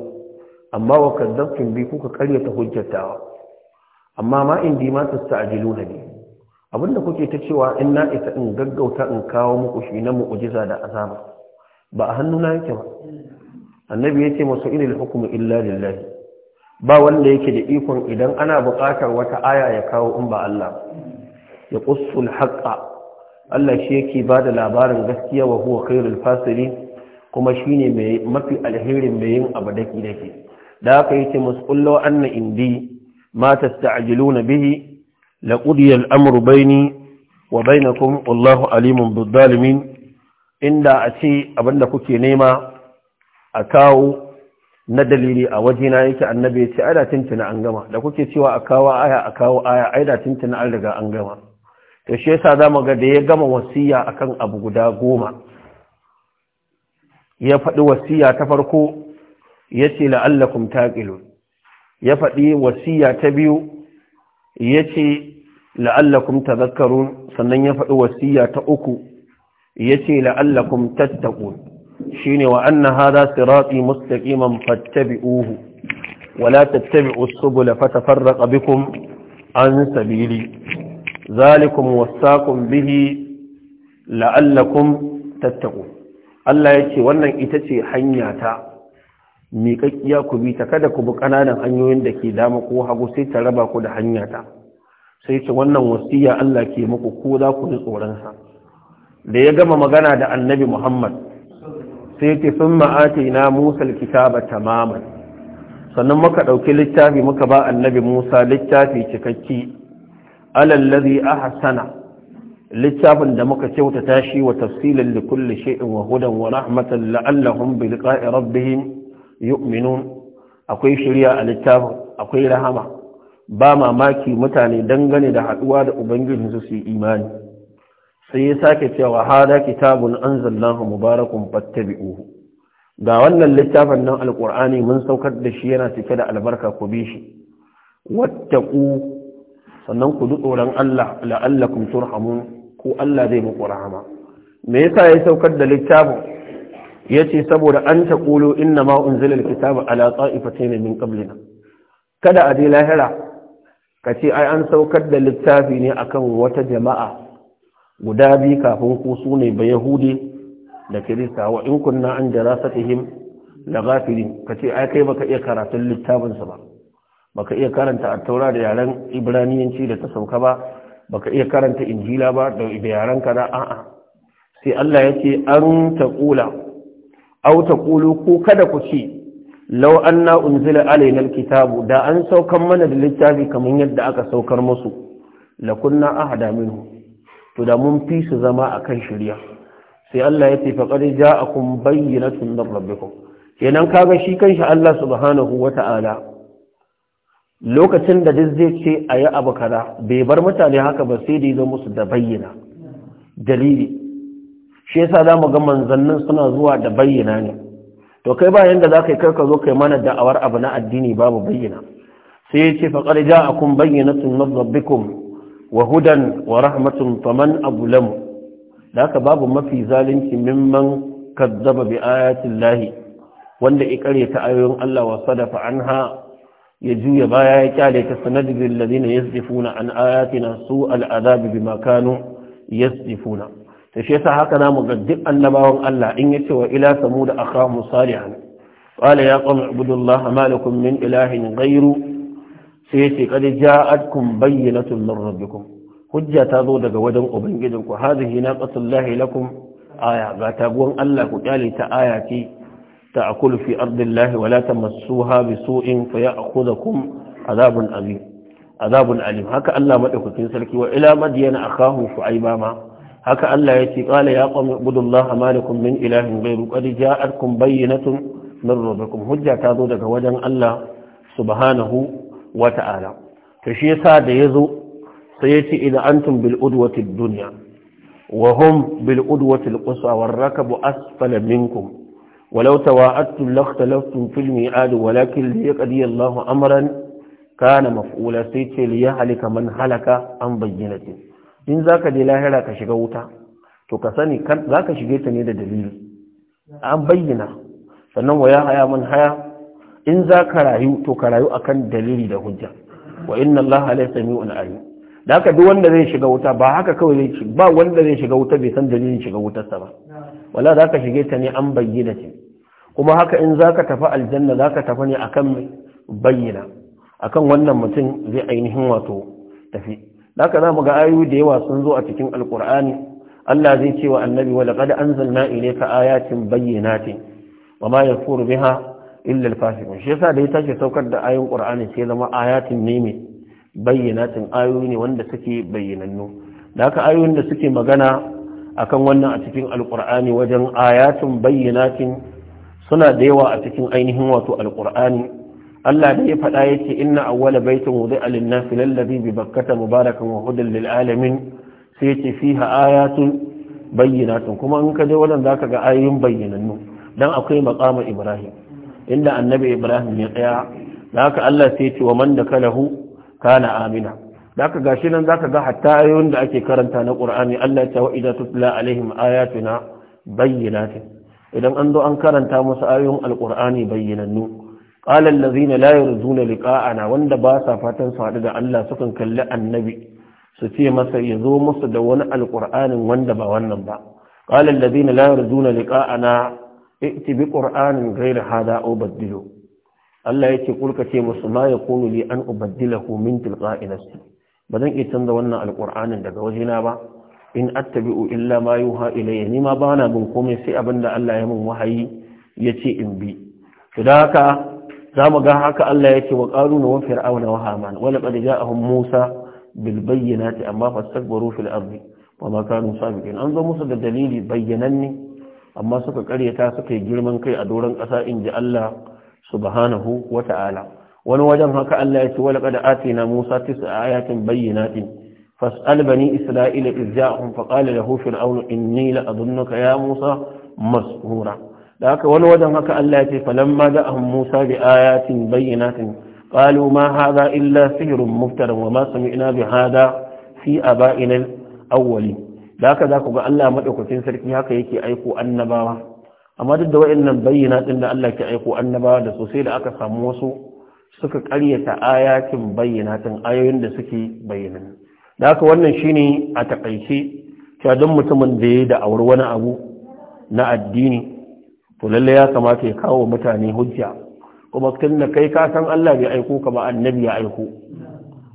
amma wa kaddafin bi kuka karyata hujjatawa amma ma in indi ma tasta'jiluna ne abinda kuke ta cewa in na isa in gaggauta in kawo muku shi na mu'jiza da azaba ba a hannuna yake ba annabi yace masu ilil hukmu illa lillahi ba wanda yake da ikon idan ana buƙatar wata aya ya kawo in ba Allah ya qussul haqqa Allah shi yake ba da labarin gaskiya wa huwa khairul fasiri kuma shine mai mafi alherin mai yin abu daki dake da haka yace musu kullu anna indi ما تستعجلون به لقضي الأمر بيني وبينكم والله عليم بالظالمين إن لا أتي أبن كوكي نيما أكاو ندليلي أوجينا إيك النبي تعالى تنتنا أنجما لكوكي سوى أكاو آية أكاو آية أيضا تنتنا ألغا أنجما تشيسا داما قد يقام وسيا أكان أبو قدا قوما يفعل وسيا تفرقوا يتي لعلكم تاقلون ya faɗi wasiya ta biyu ya ce la'allakum tazakkarun sannan ya faɗi wasiya ta uku ya ce la'allakum tattaqun shine wa anna hadha sirati mustaqiman fattabi'uhu wa la tattabi'us subula fatafarraqa bikum an sabili zalikum wasaqum bihi la'allakum tattaqun Allah yace wannan ita ce hanya ta miƙaƙƙiya ku bi ta kada ku bi ƙananan hanyoyin da ke dama ko hagu sai ta raba ku da hanya ta sai ce wannan wasiya Allah ke muku ko za ku ji tsoronsa da ya gama magana da annabi Muhammad sai ce sun ma'ati na Musa kitaba tamaman sannan muka ɗauki littafi muka ba annabi Musa littafi cikakki alallazi ahsana littafin da muka kyautata shi wa tafsilin likulli sha'in shay'in wa hudan wa rahmatan la'allahum bi liqa'i rabbihim yu'minun akwai shirya a littafin akwai rahama ba mamaki mutane dangane da haduwa da ubangijin su yi imani sai ya sake cewa hada kitabun Anzallahu mubarakun fattabi'uhu ga wannan littafin nan alqur'ani mun saukar da shi yana cike da albarka ku bi shi wattaqu sannan ku ji tsoron Allah la'allakum turhamun ko Allah zai muku rahama me yasa ya saukar da littafin Ya ce saboda an taqulu inna ma unzila alkitabu ala ta'ifatayn min qablina kada a je lahira ka ce ai an saukar da littafi ne akan wata jama'a guda biyu kafin ku su ne ba yahudi da kirista wa in kunna an darasatihim la ghafirin ka ce ai kai baka iya karatun littafinsu su ba baka iya karanta a taura da yaren ibraniyanci da ta sauka ba baka iya karanta injila ba da yaren kaza a'a sai Allah yake an taqula aw taqulu ko kada ku ce law anna unzila alayna alkitabu da an saukar mana da littafi kamar yadda aka saukar musu kunna ahada minhu to da mun fi su zama akan shari'a sai Allah ya ce qad ja'akum bayyinatun min rabbikum kenan kaga shi kanshi Allah subhanahu wata'ala lokacin da duk zai ce ayi abu kaza bai bar mutane haka ba sai da ya musu da bayyana dalili shi yasa za mu ga manzannin suna zuwa da bayyana ne to kai bayan da za ka yi karka zo kai mana da'awar abu na addini babu bayyana sai ya ce faƙar ja a kun bayyana na rabbikum wa hudan wa rahmatun faman abu lamu da haka babu mafi zalunci mimman kazzaba bi ayatin lahi wanda ya kare ta ayoyin Allah wa sadafa anha ya juya baya ya kyale ta sanadin ladina yasdifuna an ayatina su al'adabi bima kanu yasdifuna ta shi yasa haka mu ga duk annabawan Allah in yace wa ila samud akhahum salihan qala ya qawmi ibudullaha ma lakum min ilahin gairu sai yace qad ja'atkum bayyinatun min rabbikum hujja ta zo daga wajen ubangijinku ƙasar naqatullahi lakum aya ga taguwan Allah ku kyale ta aya ce تأكل في أرض الله ولا تمسوها بسوء Haka Allah أليم عذاب sarki! هكا الله مدعوك تنسلك وإلى مدين أخاه شعيبا ما haka Allah ya ce qala ya qawmi ibudullaha malakum min ilahin ghayru qad ja'atkum bayyinatun min rabbikum hujja ta zo daga wajen Allah subhanahu wa ta'ala ta shi yasa da zo sai ya ce idan antum bil udwati duniya wa hum bil udwati al quswa war rakabu asfala minkum ولو تواعدتم لاختلفتم في الميعاد ولكن ليقضي الله امرا كان مفعولا سيتي ليهلك من هلك عن بينته in za ka je lahira ka shiga wuta to ka sani za ka shige ta ne da dalili an bayyana sannan wa ya haya man haya in za ka rayu to ka rayu akan dalili da hujja wa inna allaha la sami'un alim da haka duk wanda zai shiga wuta ba haka kawai zai shiga ba wanda zai shiga wuta bai san dalilin shiga wutar sa ba wala za ka shige ta ne an bayyana ce kuma haka in za ka tafi aljanna za ka tafi ne akan bayyana akan wannan mutum zai ainihin wato tafi Da za mu ga ayoyi da yawa sun zo a cikin alkur'ani Allah zai ce wa annabi wa laqad anzalna ilayka ayatin bayyinati wa ma yakuru biha illa alfasiqun shi yasa da ya tashi saukar da ayoyin qur'ani sai zama ayatin ne mai bayyinatin ayoyi ne wanda suke bayyanannu da ayoyin da suke magana akan wannan a cikin alkur'ani wajen ayatin bayyinatin suna da yawa a cikin ainihin wato alkur'ani Allah da ya faɗa ya ce inna awwala baitin wudu alinnas lallazi bi bakkata mubarakan wa hudun lil alamin sai ya ce fiha ayatun bayyinatun kuma in ka je wajen ka ga ayoyin bayyinannu dan akwai maqama ibrahim inda annabi ibrahim ya tsaya za ka Allah sai ya wa man dakalahu kana amina da haka gashi nan zaka ga hatta ayoyin da ake karanta na qur'ani Allah ya ce wa idza tutla alaihim ayatuna bayyinatin idan an zo an karanta musu ayoyin alqur'ani bayyanannu qala allazina la yarjuna liqa'ana wanda ba sa fatan su haɗu da Allah sukan kalli annabi su ce masa ya zo musu da wani alqur'anin wanda ba wannan ba qala allazina la yarjuna liqa'ana i'ti bi qur'anin ghayri hada aw Allah yake kulka ce musu ma yakunu li an ubaddilahu min tilqa'i nafsi ba zan iya canza wannan alqur'anin daga wajena ba in attabi'u illa ma yuha ilayya ni ma bana bin komai sai abinda Allah ya min wahayi yace in bi to da haka za mu ga haka Allah ya ce wa ƙaruna wa fir'auna wa haman wala qad ja'ahum Musa bil bayyinati amma fastakbaru fil ardi wa ma kanu sabiqin an zo musu da dalili bayyananne amma suka karyata suka yi girman kai a doron ƙasa in ji Allah subhanahu wa ta'ala wani wajen haka Allah ya ce wala qad atina Musa tis'a ayatin bayyinatin فاسأل بني إسرائيل إذ جاءهم فقال له فرعون إني لأظنك يا موسى مسهورا da haka wani wajen haka Allah ya ce falamma da ahun Musa bi ayatin bayyinatin qalu ma hadha illa sihrun muftarin, wa ma sami'na bi hadha fi aba'ina al-awwali da haka za ku ga Allah madaukakin sarki haka yake aiko annabawa amma duk da wayannan bayyana din da Allah ke aiko annabawa da sosai da aka samu wasu suka karyata ayatin bayyanatin ayoyin da suke bayyana da haka wannan shine a takaice cewa don mutumin da ya yi da aure wani abu na addini to lalle ya kamata ya kawo mutane hujja kuma tunda kai ka san Allah bai aiko ka annabi ya aiko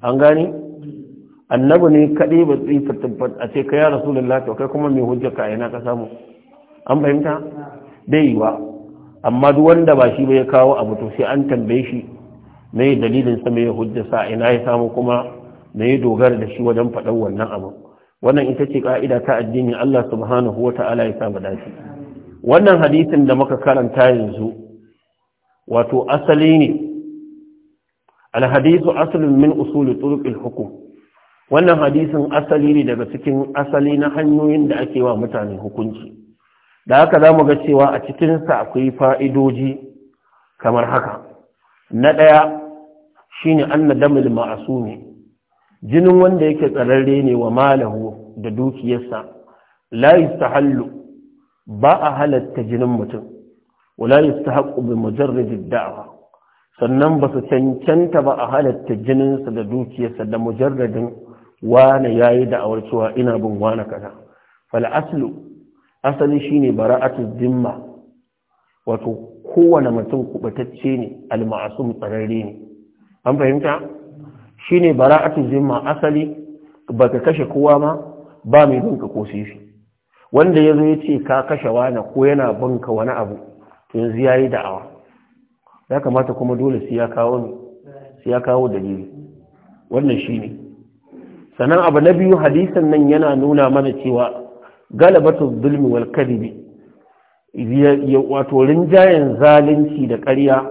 an gane annabi ne kaɗai ba tsifa tabbat a ce ka ya rasulullahi to kai kuma mai hujja ka ina ka samu an fahimta bai wa amma duk wanda ba shi ba ya kawo abu to sai an tambaye shi me dalilin sa me hujja sa ina ya samu kuma me dogara da shi wajen faɗan wannan abu wannan ita ce ka'ida ta addini Allah subhanahu wata'ala ya sa mu dace wannan hadisin da muka karanta yanzu wato asali ne alhadisu asalin min usuli turuqil hukum wannan hadisin asali ne daga cikin asali na hanyoyin da ake wa mutane hukunci da haka za mu ga cewa a cikinsa akwai fa'idoji kamar haka na ɗaya shi ne an nadamil ma'asu ne jinin wanda yake tsararre ne wa malahu da dukiyarsa la yi ba a halatta jinin mutum wala yastahiqu bi mujarrad ad-da'wa sannan ba su cancanta ba a halatta jininsa da dukiyarsa da mujarradin wane yayi da'awar cewa ina bin wane kaza fal aslu asali shine bara'atu Zimma wato kowane mutum kubatacce ne al-ma'sum tsararre ne an fahimta shine bara'atu Zimma asali baka kashe kowa ma ba mai ka ko sai wanda ya zo ya ce ka kashe wani ko yana banka wani abu yanzu ya yi da'awa ya kamata kuma dole su ya kawo dalili wannan shi ne sannan abu na biyu hadisan nan yana nuna mana cewa galabatu zulmi wal kadibi wato rinjayen zalunci da ƙarya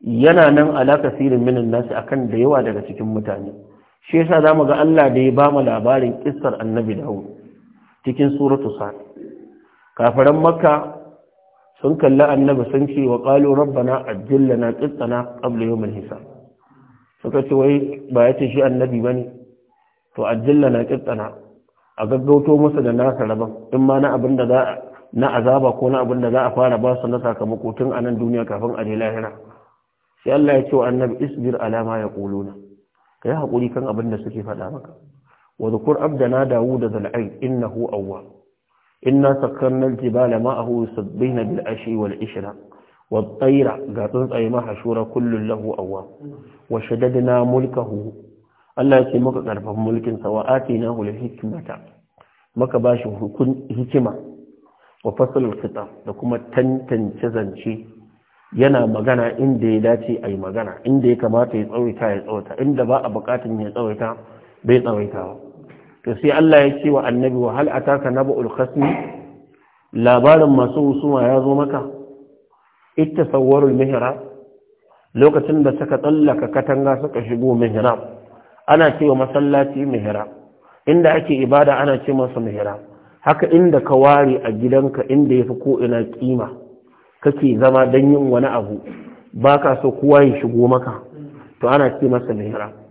yana nan alaka sirin minin nasu akan da yawa daga cikin mutane shi yasa mu ga Allah da ya ba mu labarin kissar annabi Dawud cikin suratu sa kafaran makka sun kalli annabi sun ce wa qalu rabbana ajjil lana qittana qabla yawm hisab suka ce wai ba ya ce shi annabi bane to ajjil lana qittana a gaggauto musu da nasa rabon in ma na abin da za na azaba ko na abin da za a fara ba su na sakamako tun a nan duniya kafin a je lahira sai Allah ya ce wa annabi isbir ala ma yaquluna kai hakuri kan abin da suke faɗa maka وذكر عبدنا داود ذا العين إنه أول إنا سكرنا الجبال معه يسبين بالعشي والعشرة والطير قاتلت أي محشورة كل له أول وشددنا ملكه الله يسمك قرب ملك سوآتيناه الحكمة مك باش هكمة وفصل الخطاب لكم تنتن شيء yana magana inda ya dace a yi magana inda ya kamata ya tsawaita ya tsawaita inda ba a bukatun ya tsawaita bai tsawaitawa to sai Allah ya ce wa annabi wa hal ataka nabul khasmi labarin masu husuma ya zo maka ita tsawarul lokacin da suka tsallaka katanga suka shigo mihra ana cewa masallaci mihra inda ake ibada ana ce masa mihra haka inda ka ware a gidanka inda yafi ko ina kima kake zama dan yin wani abu baka so kowa ya shigo maka to ana ce masa mihra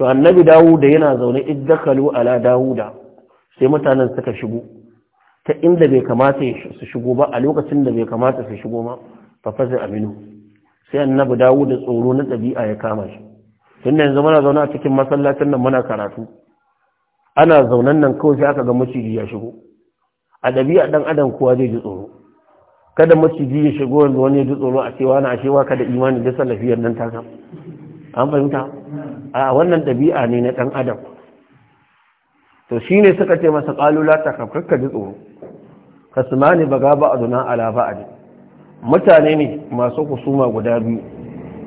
to annabi dawuda yana zaune iddakalu ala dawuda sai mutanen suka shigo ta inda bai kamata su shigo ba a lokacin da bai kamata su shigo ma fa faza aminu sai annabi dawuda tsoro na dabi'a ya kama shi tunda yanzu muna zaune a cikin masallacin nan muna karatu ana zaunan nan kawai sai aka ga maciji ya shigo a ɗabi'a ɗan adam kowa zai ji tsoro kada maciji ya shigo wanda wani ya ji tsoro a cewa na a cewa kada imani da salafiyar nan ta kam an fahimta a wannan ɗabi'a ne na ɗan adam to shi ne suka ce masa ƙalula ta kafirka ji tsoro ka su mani ba gaba a zuna ala ba a mutane ne masu kusuma guda biyu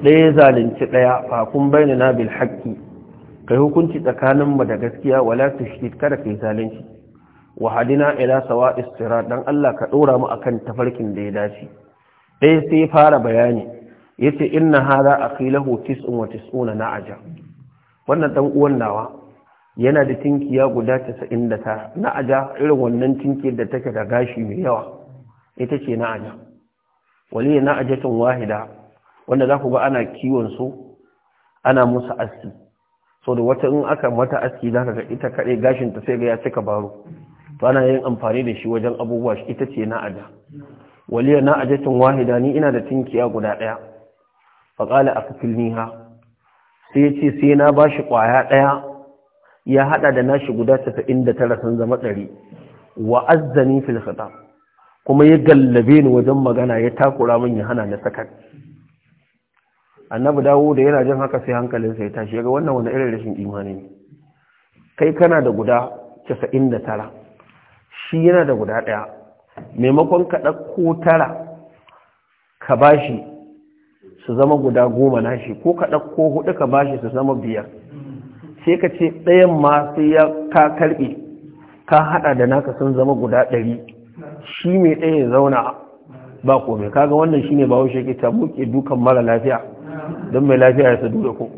ɗaya zalunci ɗaya fakun bayyana na bil haƙƙi kai hukunci tsakanin tsakaninmu da gaskiya wala tushdid kada kai zalunci wa hadina ila sawa istira dan Allah ka ɗora mu akan tafarkin da ya dace Ɗaya sai fara bayani yace inna hadha akhilahu 99 na'aja wannan dan uwan nawa yana da tinkiya guda ta. na aja irin wannan tinkiyar da take da gashi mai yawa ita ce na aja waliya na ajatun wahida wanda za ku ga ana kiwon su ana musu aski so da wata in aka mata aski za ka ga ita kaɗai gashin ta sai ga ya cika baro to ana yin amfani da shi wajen abubuwa ita ce na aja waliya na ajatun wahida ni ina da tinkiya guda ɗaya faƙala a kafilniha sai ce sai na ba shi ƙwaya ɗaya ya haɗa da nashi guda casa'in da tara sun zama ɗari wa azzani fil kuma ya gallabe ni wajen magana ya takura min ya hana na sakar annabi dawo da yana jin haka sai hankalinsa ya tashi yaga wannan wani irin rashin imani ne kai kana da guda da tara. shi yana da guda ɗaya. maimakon ka ɗauko tara ka bashi su zama guda goma nashi ko ka ɗauko hudu ka bashi su zama biyar sai ka ce ɗayan ma sai ya ka karɓe ka haɗa da naka sun zama guda ɗari shi mai ɗaya ya zauna ba komai kaga wannan shine ba haushe ke tamu ke dukan mara lafiya don mai lafiya ya sadu da ku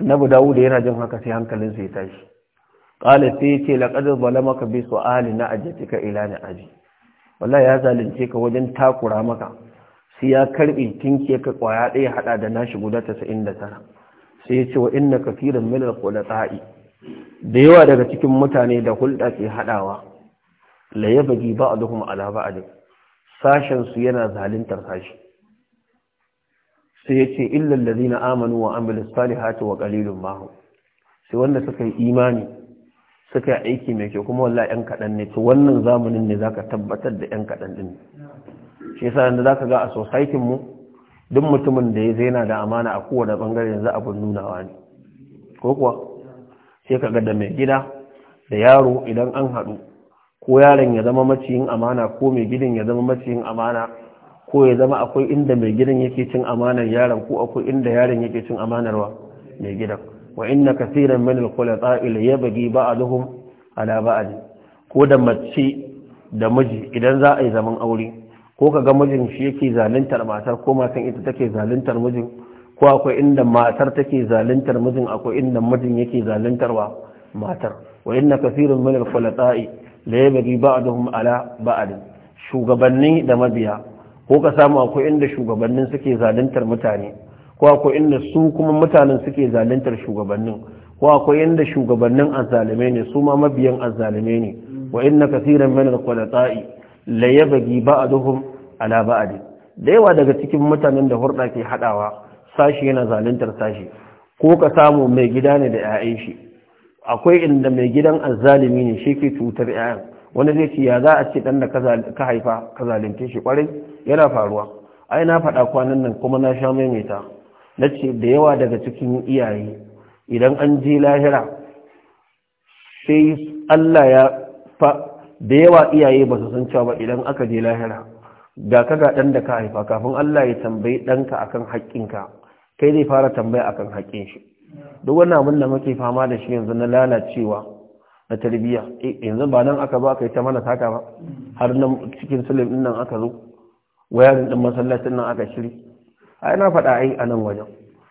annabi dawuda yana jin haka sai hankalinsa ya tashi ƙala sai ya yace laqad zalamaka bi su'ali na ajjatika ila ni aji wallahi ya zalunce ka wajen takura maka sai ya karɓi tinki ka kwaya ɗaya hada da nashi guda 99 sai ya ce wa inna kafiran min al-qulata'i da yawa daga cikin mutane da hulɗa ke haɗawa, hadawa la yabghi ba'dhum ala ba'd sashen su yana zaluntar sashi sai ya ce illa allazina amanu wa amilus salihati wa qalilun mahu sai wanda suka yi imani suka yi aiki mai kyau kuma wallahi 'yan kaɗan ne to wannan zamanin ne zaka tabbatar da 'yan kaɗan ɗin shi yasa yanzu zaka ga a society mu duk mutumin da ya zaina da amana a kowane bangare yanzu abun nunawa ne ko kuwa sai ga da mai gida da yaro idan an haɗu ko yaron ya zama maciyin amana ko mai gidan ya zama maciyin amana ko ya zama akwai inda mai gidan yake cin amanar yaron ko akwai inda yaron yake cin amanarwa mai gidan wa inna kaseeran min al ila yabghi ba'dhum ala ba'd ko da mace da miji idan za a yi zaman aure ko ka ga mijin shi yake zaluntar matar ko matan ita take zaluntar mijin ko akwai inda matar take zaluntar mijin akwai inda mijin yake zaluntarwa matar wa inna kaseerun min al-khulata'i la yabghi ba'dhum ala ba'd shugabanni da mabiya ko ka samu akwai inda shugabannin suke zaluntar mutane ko akwai inda su kuma mutanen suke zaluntar shugabannin ko akwai inda shugabannin azzalume ne su ma mabiyan azzalume ne wa inna kaseeran min al-khulata'i la yabghi ba'duhum ala ba'd da yawa daga cikin mutanen da hurda ke haɗawa sashi yana zaluntar sashi ko ka samu mai gida ne da 'ya'yan shi akwai inda mai gidan azzalimi ne shi ke cutar 'ya'yan wani zai ce ya za a ce dan da ka haifa ka zalunce shi kwarai yana faruwa ai na faɗa kwanan nan kuma na sha maimaita na ce da yawa daga cikin iyaye idan an je lahira sai Allah ya da yawa iyaye ba su san cewa ba idan aka je lahira ga ka ga ɗan da ka haifa kafin Allah ya tambayi ɗanka akan haƙƙinka kai zai fara tambaya akan haƙƙin shi duk wannan abin da muke fama da shi yanzu na lalacewa na tarbiyya eh, yanzu ba nan aka ba kai ta mana saka ba har nan cikin sulim din nan aka zo wayarin din masallacin nan aka shiri ai na faɗa ai a nan wajen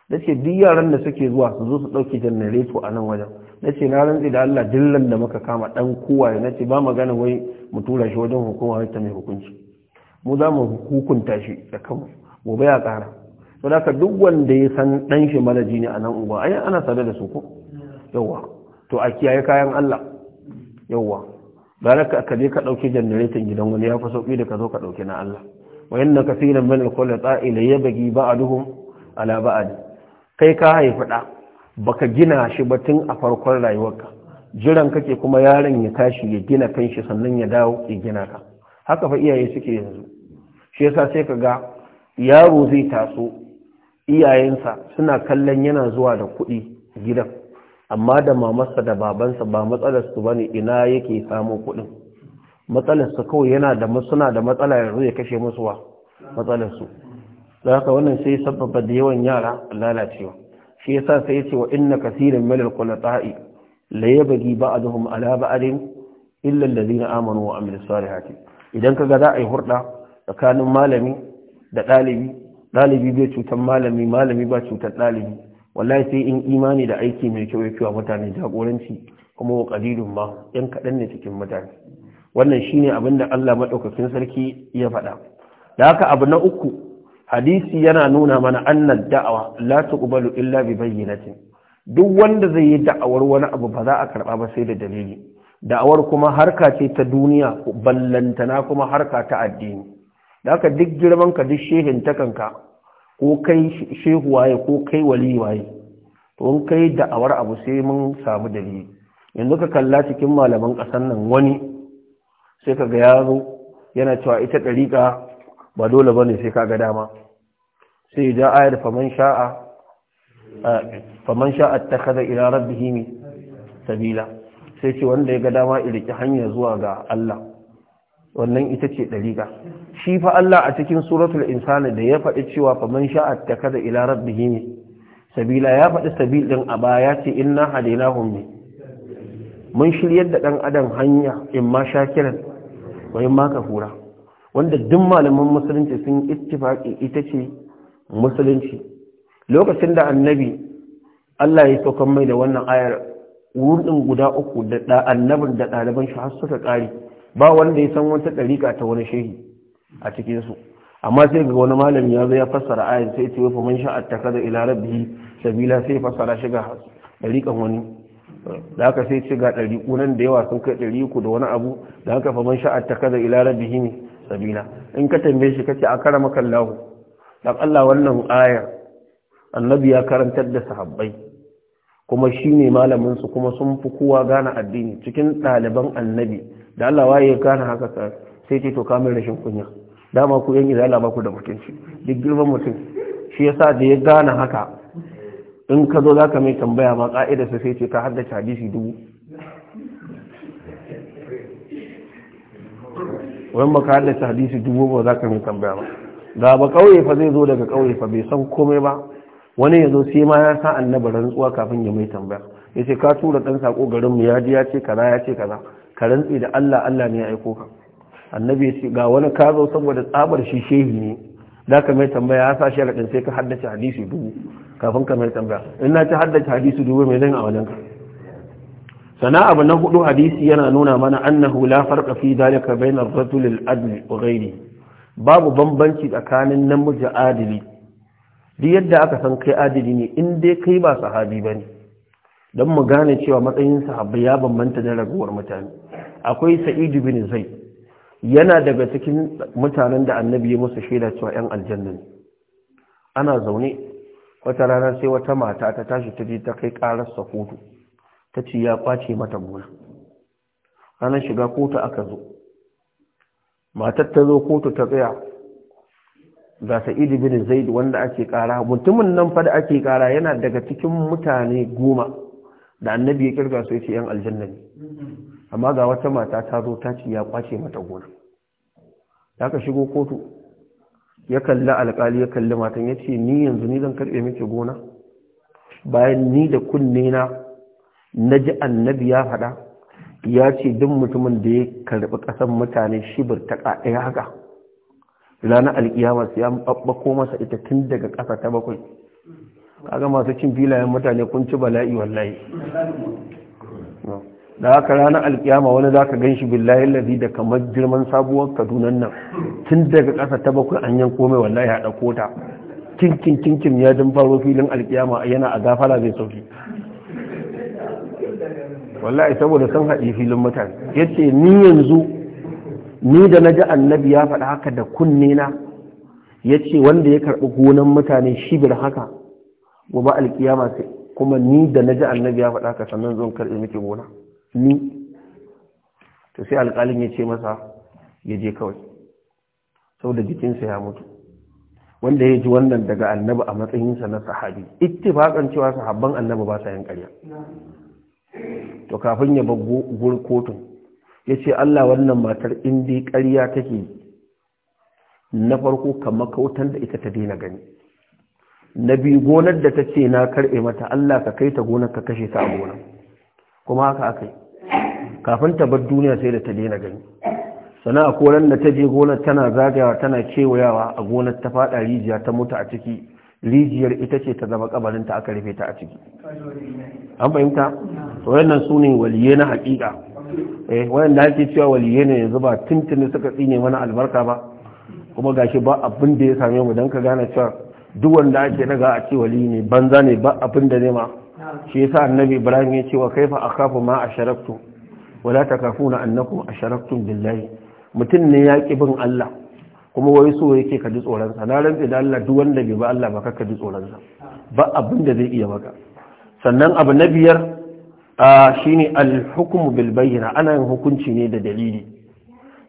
da ce duk yaran da suke zuwa su zo su ɗauki janareto a nan wajen na ce na rantsi da Allah dillan da muka kama dan kowaye na ce ba magana wai mu tura shi wajen hukuma ta mai hukunci mu za mu hukunta shi da kanmu gobe ya kara to da duk wanda ya san dan shi malaji ne a nan unguwa ai ana sada da su ko yawa to a kiyaye kayan Allah yawa baraka ka je ka dauke generator gidan wani ya fi sauki da ka zo ka dauke na Allah wa inna kaseeran min al qulata ila yabghi ba'duhum ala ba'd kai ka haifi da baka gina shi ba tun a farkon rayuwarka jiran kake kuma yaron ya tashi ya gina kanshi sannan ya dawo ya gina ka haka fa iyaye suke yanzu shi yasa sai ka ga yaro zai taso iyayensa suna kallon yana zuwa da kuɗi gidan amma da mamarsa da babansa ba matsalarsu ba ne ina yake samun kuɗin matsalarsa kawai yana da suna da matsala yanzu ya kashe musu wa matsalarsu da haka wannan sai sababa da yawan yara lalacewa shi yasa sai yace wa inna kaseeran min al-qulata'i la yabghi ba'dhum ala ba'din illa alladhina amanu wa amilus salihati idan kaga za a yi hurda tsakanin malami da dalibi dalibi bai cutar malami malami ba cutar dalibi wallahi sai in imani da aiki mai kyau ya fiwa mutane jagoranci kuma wa qalilun ma yan kadan ne cikin mutane wannan shine abin da Allah madaukakin sarki ya faɗa da haka abu na uku hadisi yana nuna mana annad da'awa la tuqbalu illa bi bayyinatin duk wanda zai yi da'awar wani abu ba za a karba ba sai da dalili da'awar kuma harka ce ta duniya ballantana kuma harka ta addini da haka duk girman ka duk shehin ta kanka ko kai shehu waye ko kai wali waye to in kai da'awar abu sai mun samu dalili yanzu ka kalla cikin malaman ƙasar nan wani sai ka ga yaro yana cewa ita dariƙa. ba dole ba ne sai ka ga dama sai ja ayar faman sha'a faman sha'a ta kada ila rabbihi mi sabila sai ce wanda ya ga dama iriki hanya zuwa ga Allah wannan ita ce dariga shi fa Allah a cikin suratul insani da ya faɗi cewa faman sha'a ta kada ila rabbihi mi sabila ya faɗi sabil din a baya ce inna hadainahum bi. mun shiryar da dan adam hanya in ma shakiran wa in ma kafura wanda duk malaman musulunci sun ittifaki ita ce musulunci lokacin da annabi Allah ya saukan mai da wannan ayar wurin guda uku da annabin da ɗaliban shi har suka ƙari ba wanda ya san wata ɗariƙa ta wani shehi a cikinsu amma sai ga wani malami ya zo ya fassara ayar sai ce wafa man ta kada ila rabbi sabila sai fassara shi ga ɗariƙan wani da haka sai ce ga ɗariƙu nan da yawa sun kai ɗariƙu da wani abu da haka fa man ta kada ila rabbihi ne sabila in ka tambaye shi kace a karama kallahu dan Allah wannan ayar annabi ya karantar da sahabbai kuma shine malamin su kuma sun fi kowa gane addini cikin ɗaliban annabi da Allah waye ya gane haka sai ce to kamar rashin kunya dama ku yan izala ba ku da mutunci duk girman mutum shi yasa da ya gane haka in ka zo zaka mai tambaya ma ka'ida sai ce ka haddace hadisi dubu wani baka haddace hadisi dubu ba za ka mai tambaya ba da ba kauye fa zai zo daga kauye fa bai san komai ba wani ya zo sai ma ya sa annaba rantsuwa kafin ya mai tambaya ya ce ka tura ɗan saƙo garinmu ya ji ya ce kaza ya ce kaza ka rantsi da Allah Allah ne ya aiko ka annabi ya ce ga wani ka zo saboda tsabar shi shehi ne da ka mai tambaya ya sa sharaɗin sai ka haddace hadisi dubu kafin ka mai tambaya in na ci haddace hadisi dubu mai zan a wajen ka sana abu na hudu hadisi yana nuna mana annahu la farqa fi dalika bainar rajul al-adl wa babu bambanci tsakanin namiji adili duk yadda aka san kai adili ne in dai kai ba sahabi bane dan mu gane cewa matsayin sahabbai ya bambanta da raguwar mutane akwai sa'id bin zaid yana daga cikin mutanen da annabi ya musu shaida cewa yan aljanna ne ana zaune wata rana sai wata mata ta tashi ta je ta kai karar hutu. ta ce ya kwace mata gona ranar shiga kotu aka zo matar ta zo kotu ta tsaya ga sa'idu bin zaid wanda ake kara mutumin nan fa da ake kara yana daga cikin mutane goma da annabi ya kirga su yace yan aljanna amma ga wata mata ta zo ta ce ya kwace mata gona da aka shigo kotu ya kalli alkali ya kalli matan ya ce ni yanzu ni zan karbe miki gona bayan ni da kunne na na ji annabi ya faɗa ya ce duk mutumin da ya karɓi ƙasan mutane shibir ta ɗaya haka ranar su ya ɓaɓɓa ko masa ita tun daga ƙasa ta bakwai kaga masu cin filayen mutane kun ci bala'i wallahi da haka ranar alƙiyama wani za ka gan shi billahi lafi da kamar girman sabuwar kadunan nan tun daga ƙasa ta bakwai an yi komai wallahi ya ɗauko ta kinkin kinkin ya jin faro filin alƙiyama yana a gafara zai sauki wallahi saboda sun haɗi filin mutane yace ni yanzu ni da na ji annabi ya faɗa haka da kunne na yace wanda ya karɓi gonan mutane shibir haka gobe alkiyama sai kuma ni da na ji annabi ya faɗa haka sannan zon karɓi miki gona ni to sai alƙalin ya ce masa ya je kawai saboda jikinsa ya mutu wanda ya ji wannan daga annabi a matsayinsa na sahabi ittifaqan cewa sahabban annabi ba sa yin ƙarya to kafin ya bar gur kotun ya ce Allah wannan matar indi karya ƙarya take na farko kamar kautan da ita ta daina gani na biyu gonar da ta ce na karɓe mata Allah ka kai ta gonar ka kashe ta a gonar kuma haka aka yi kafin ta bar duniya sai da ta daina gani sana a koran da ta je gonar tana zagayawa tana kewayawa a gonar ta faɗa rijiya ta mutu a ciki rijiyar ita ce ta zama kabarinta aka rufe ta a ciki an fahimta wayannan su ne waliye na hakika eh wayanda ake cewa waliye ne yanzu ba tuntuni suka tsine mana albarka ba kuma gashi ba abin da ya same mu dan ka gane cewa duk wanda ake daga a ce wali ne banza ne ba abin da ne ma shi yasa annabi ibrahim ya ce wa kaifa akhafu ma asharaktu wala takafuna annakum asharaktum billahi mutum ne ya ki bin Allah kuma wai so yake ka ji tsoron sa na rantsi da Allah duk wanda bai ba Allah ba ka ji tsoron sa ba abin zai iya maka sannan abu na biyar shine al-hukmu bil ana yin hukunci ne da dalili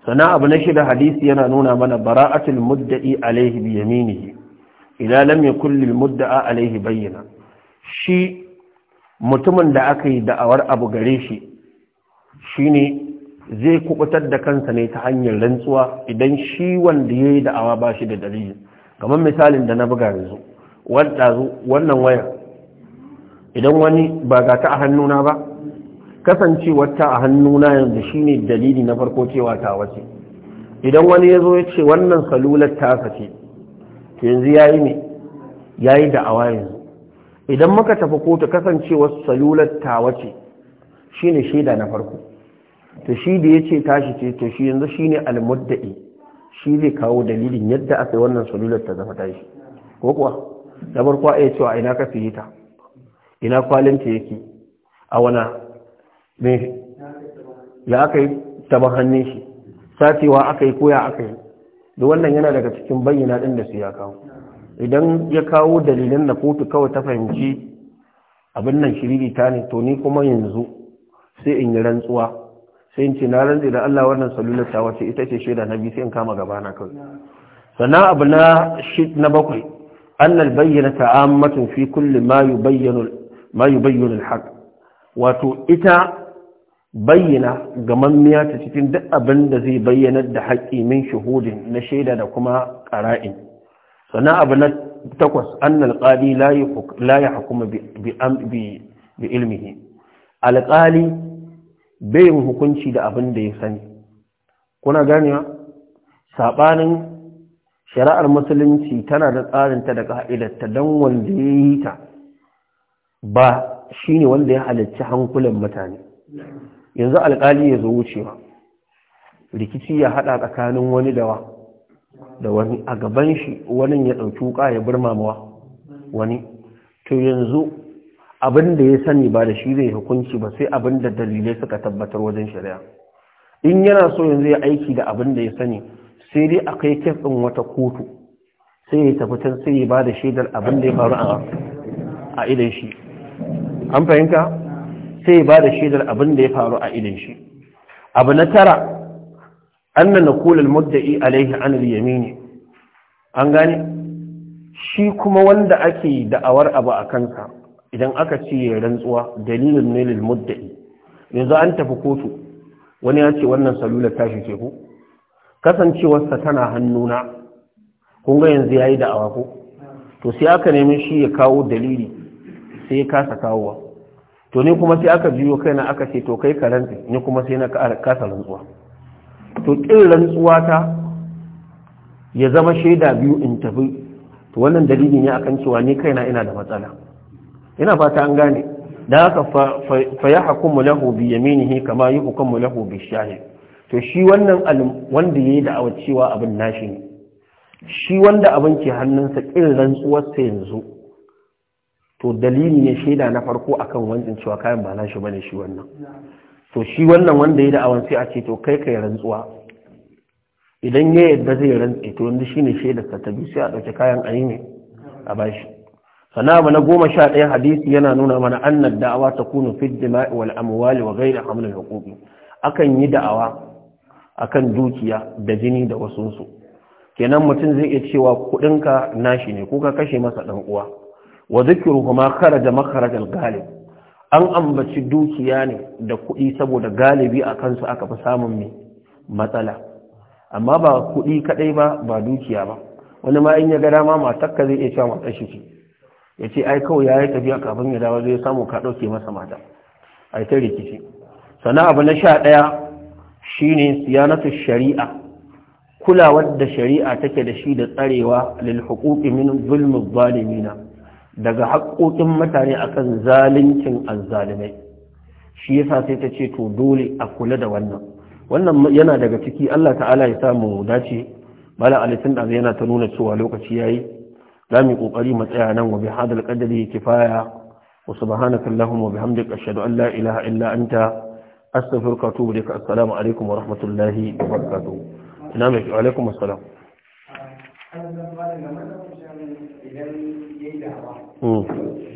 sannan abu na shida hadisi yana nuna mana bara'atul mudda'i alaihi bi yaminihi idan lam yakul lil mudda'a alaihi bayyana shi mutumin da aka yi da'awar abu gare shi shine zai kubutar da kansa ne ta hanyar rantsuwa idan shi wanda ya yi da'awa ba shi da dalili kamar misalin da na buga yanzu wannan wayar idan wani ba ga ta a hannuna ba kasancewar ta a hannuna yanzu shine dalili na farko cewa ta wace idan wani ya zo ya ce wannan salular ta sace, to yanzu ya yi ne ya yi da awa yanzu idan muka tafi kotu kasancewar salular ta wace shine shaida na farko to shi da ya ce tashi ce to shi yanzu shine almuddai shi zai kawo dalilin yadda aka yi wannan salular ta zama tashi ko kuwa da farko a iya cewa ina ka fiye ta ina kwalinta yake a wana me ya aka yi taba hannun shi sacewa aka yi koya aka yi da wannan yana daga cikin bayyana ɗin da su ya kawo idan ya kawo dalilin da kotu kawai ta fahimci abin nan shiriri ta ne to ni kuma yanzu sai in yi rantsuwa sai in ce na rantsi da Allah wannan salular ta wace ita ce shaida na biyu sai in kama gaba na kawai sannan abu na na bakwai annal bayyana ta'ammatun fi kulli ma yubayyanu ma yi al-haq wato ita bayyana gamammiya ta cikin duk abin da zai bayyanar da haƙƙi min shahudin na shaida da kuma ƙara'in sannan abu na takwas an qadi la hukuma bi ilmihi alƙali bai hukunci da abin da ya sani kuna ganewa saɓanin shari'ar musulunci tana da tsarinta da ka'idarta don wanda ya yi ta ba shi ne wanda ya halarci hankulan mutane yanzu alkali ya zo wucewa rikici ya haɗa tsakanin wani dawa da wani a gaban shi wani ya ɗauki wuka ya birmamawa wani to yanzu abin da ya sani ba da shi zai hukunci ba sai abin da dalilai suka tabbatar wajen shari'a in yana so yanzu ya aiki da abin da ya sani sai dai a kai wata kotu sai ya tafi can sai ya ba da shaidar abin da ya faru a idan shi an fahimta sai ba da shaidar abin da ya faru a idin shi abu na tara anna na kulal muddai alaihi an yamini an gane shi kuma wanda ake da'awar abu a kanka idan aka ce ya rantsuwa dalilin ne lil mudda'i yanzu an tafi kotu wani ya ce wannan salula tashi ce ku kasancewarsa tana hannuna kun ga yanzu yi da'awa ko to sai aka nemi shi ya kawo dalili sai ya kasa kawowa to ni kuma sai aka biyo kaina aka ce to kai ka rantsi ni kuma sai na kasa rantsuwa to kin rantsuwa ta ya zama shaida biyu in tafi to wannan dalili ne akan cewa ni kaina ina da matsala ina fata an gane da aka fa ya hukumu lahu bi yaminihi kama yi hukumu lahu bi shahid to shi wannan wanda yayi da'awa cewa abin nashi ne shi wanda abin ke hannunsa kin rantsuwar sa yanzu to dalili ne shaida na farko akan wancan cewa kayan ba nashi bane shi wannan to shi wannan wanda ya da'awan sai a ce to kai kai rantsuwa idan ya yadda zai rantsu, to yanzu shine shaida ta tabi sai a dauki kayan ayi ne a bashi sana abu na goma sha ɗaya hadisi yana nuna mana annar da'awa ta kunu fi wal amwali wa ghairi hamlin akan yi da'awa akan dukiya da jini da wasunsu kenan mutum zai iya cewa kudinka nashi ne ko ka kashe masa ɗan uwa wa dhikruhuma kharaja makharaj al galibi. an ambaci dukiya ne da kuɗi saboda galibi a kansu aka fi samun mai matsala amma ba kuɗi kaɗai ba ba dukiya ba wani ma in ya ga dama matakka zai iya cewa matar shi ya ce ai kawai ya yi tafiya kafin ya dawo zai samu ka ɗauke masa mata a ta rikici sannan abu na sha ɗaya shi shine siyanatu shari'a kulawar da shari'a take da shi da tsarewa lil hukuki min zulmi zalimina daga haƙoƙin mutane akan zaluncin azzalumai shi yasa sai ta ce to dole a kula da wannan wannan yana daga ciki Allah ta'ala ya samu dace mala alisin da yana ta nuna cewa lokaci yayi za kokari mu tsaya nan wa bi hadal kifaya wa subhanaka allahumma wa bihamdika ashhadu an la ilaha illa anta astaghfiruka wa atubu ilaik assalamu alaikum wa rahmatullahi wa barakatuh ina mai wa alaikum assalam idan yayi da ಹ್ಞೂ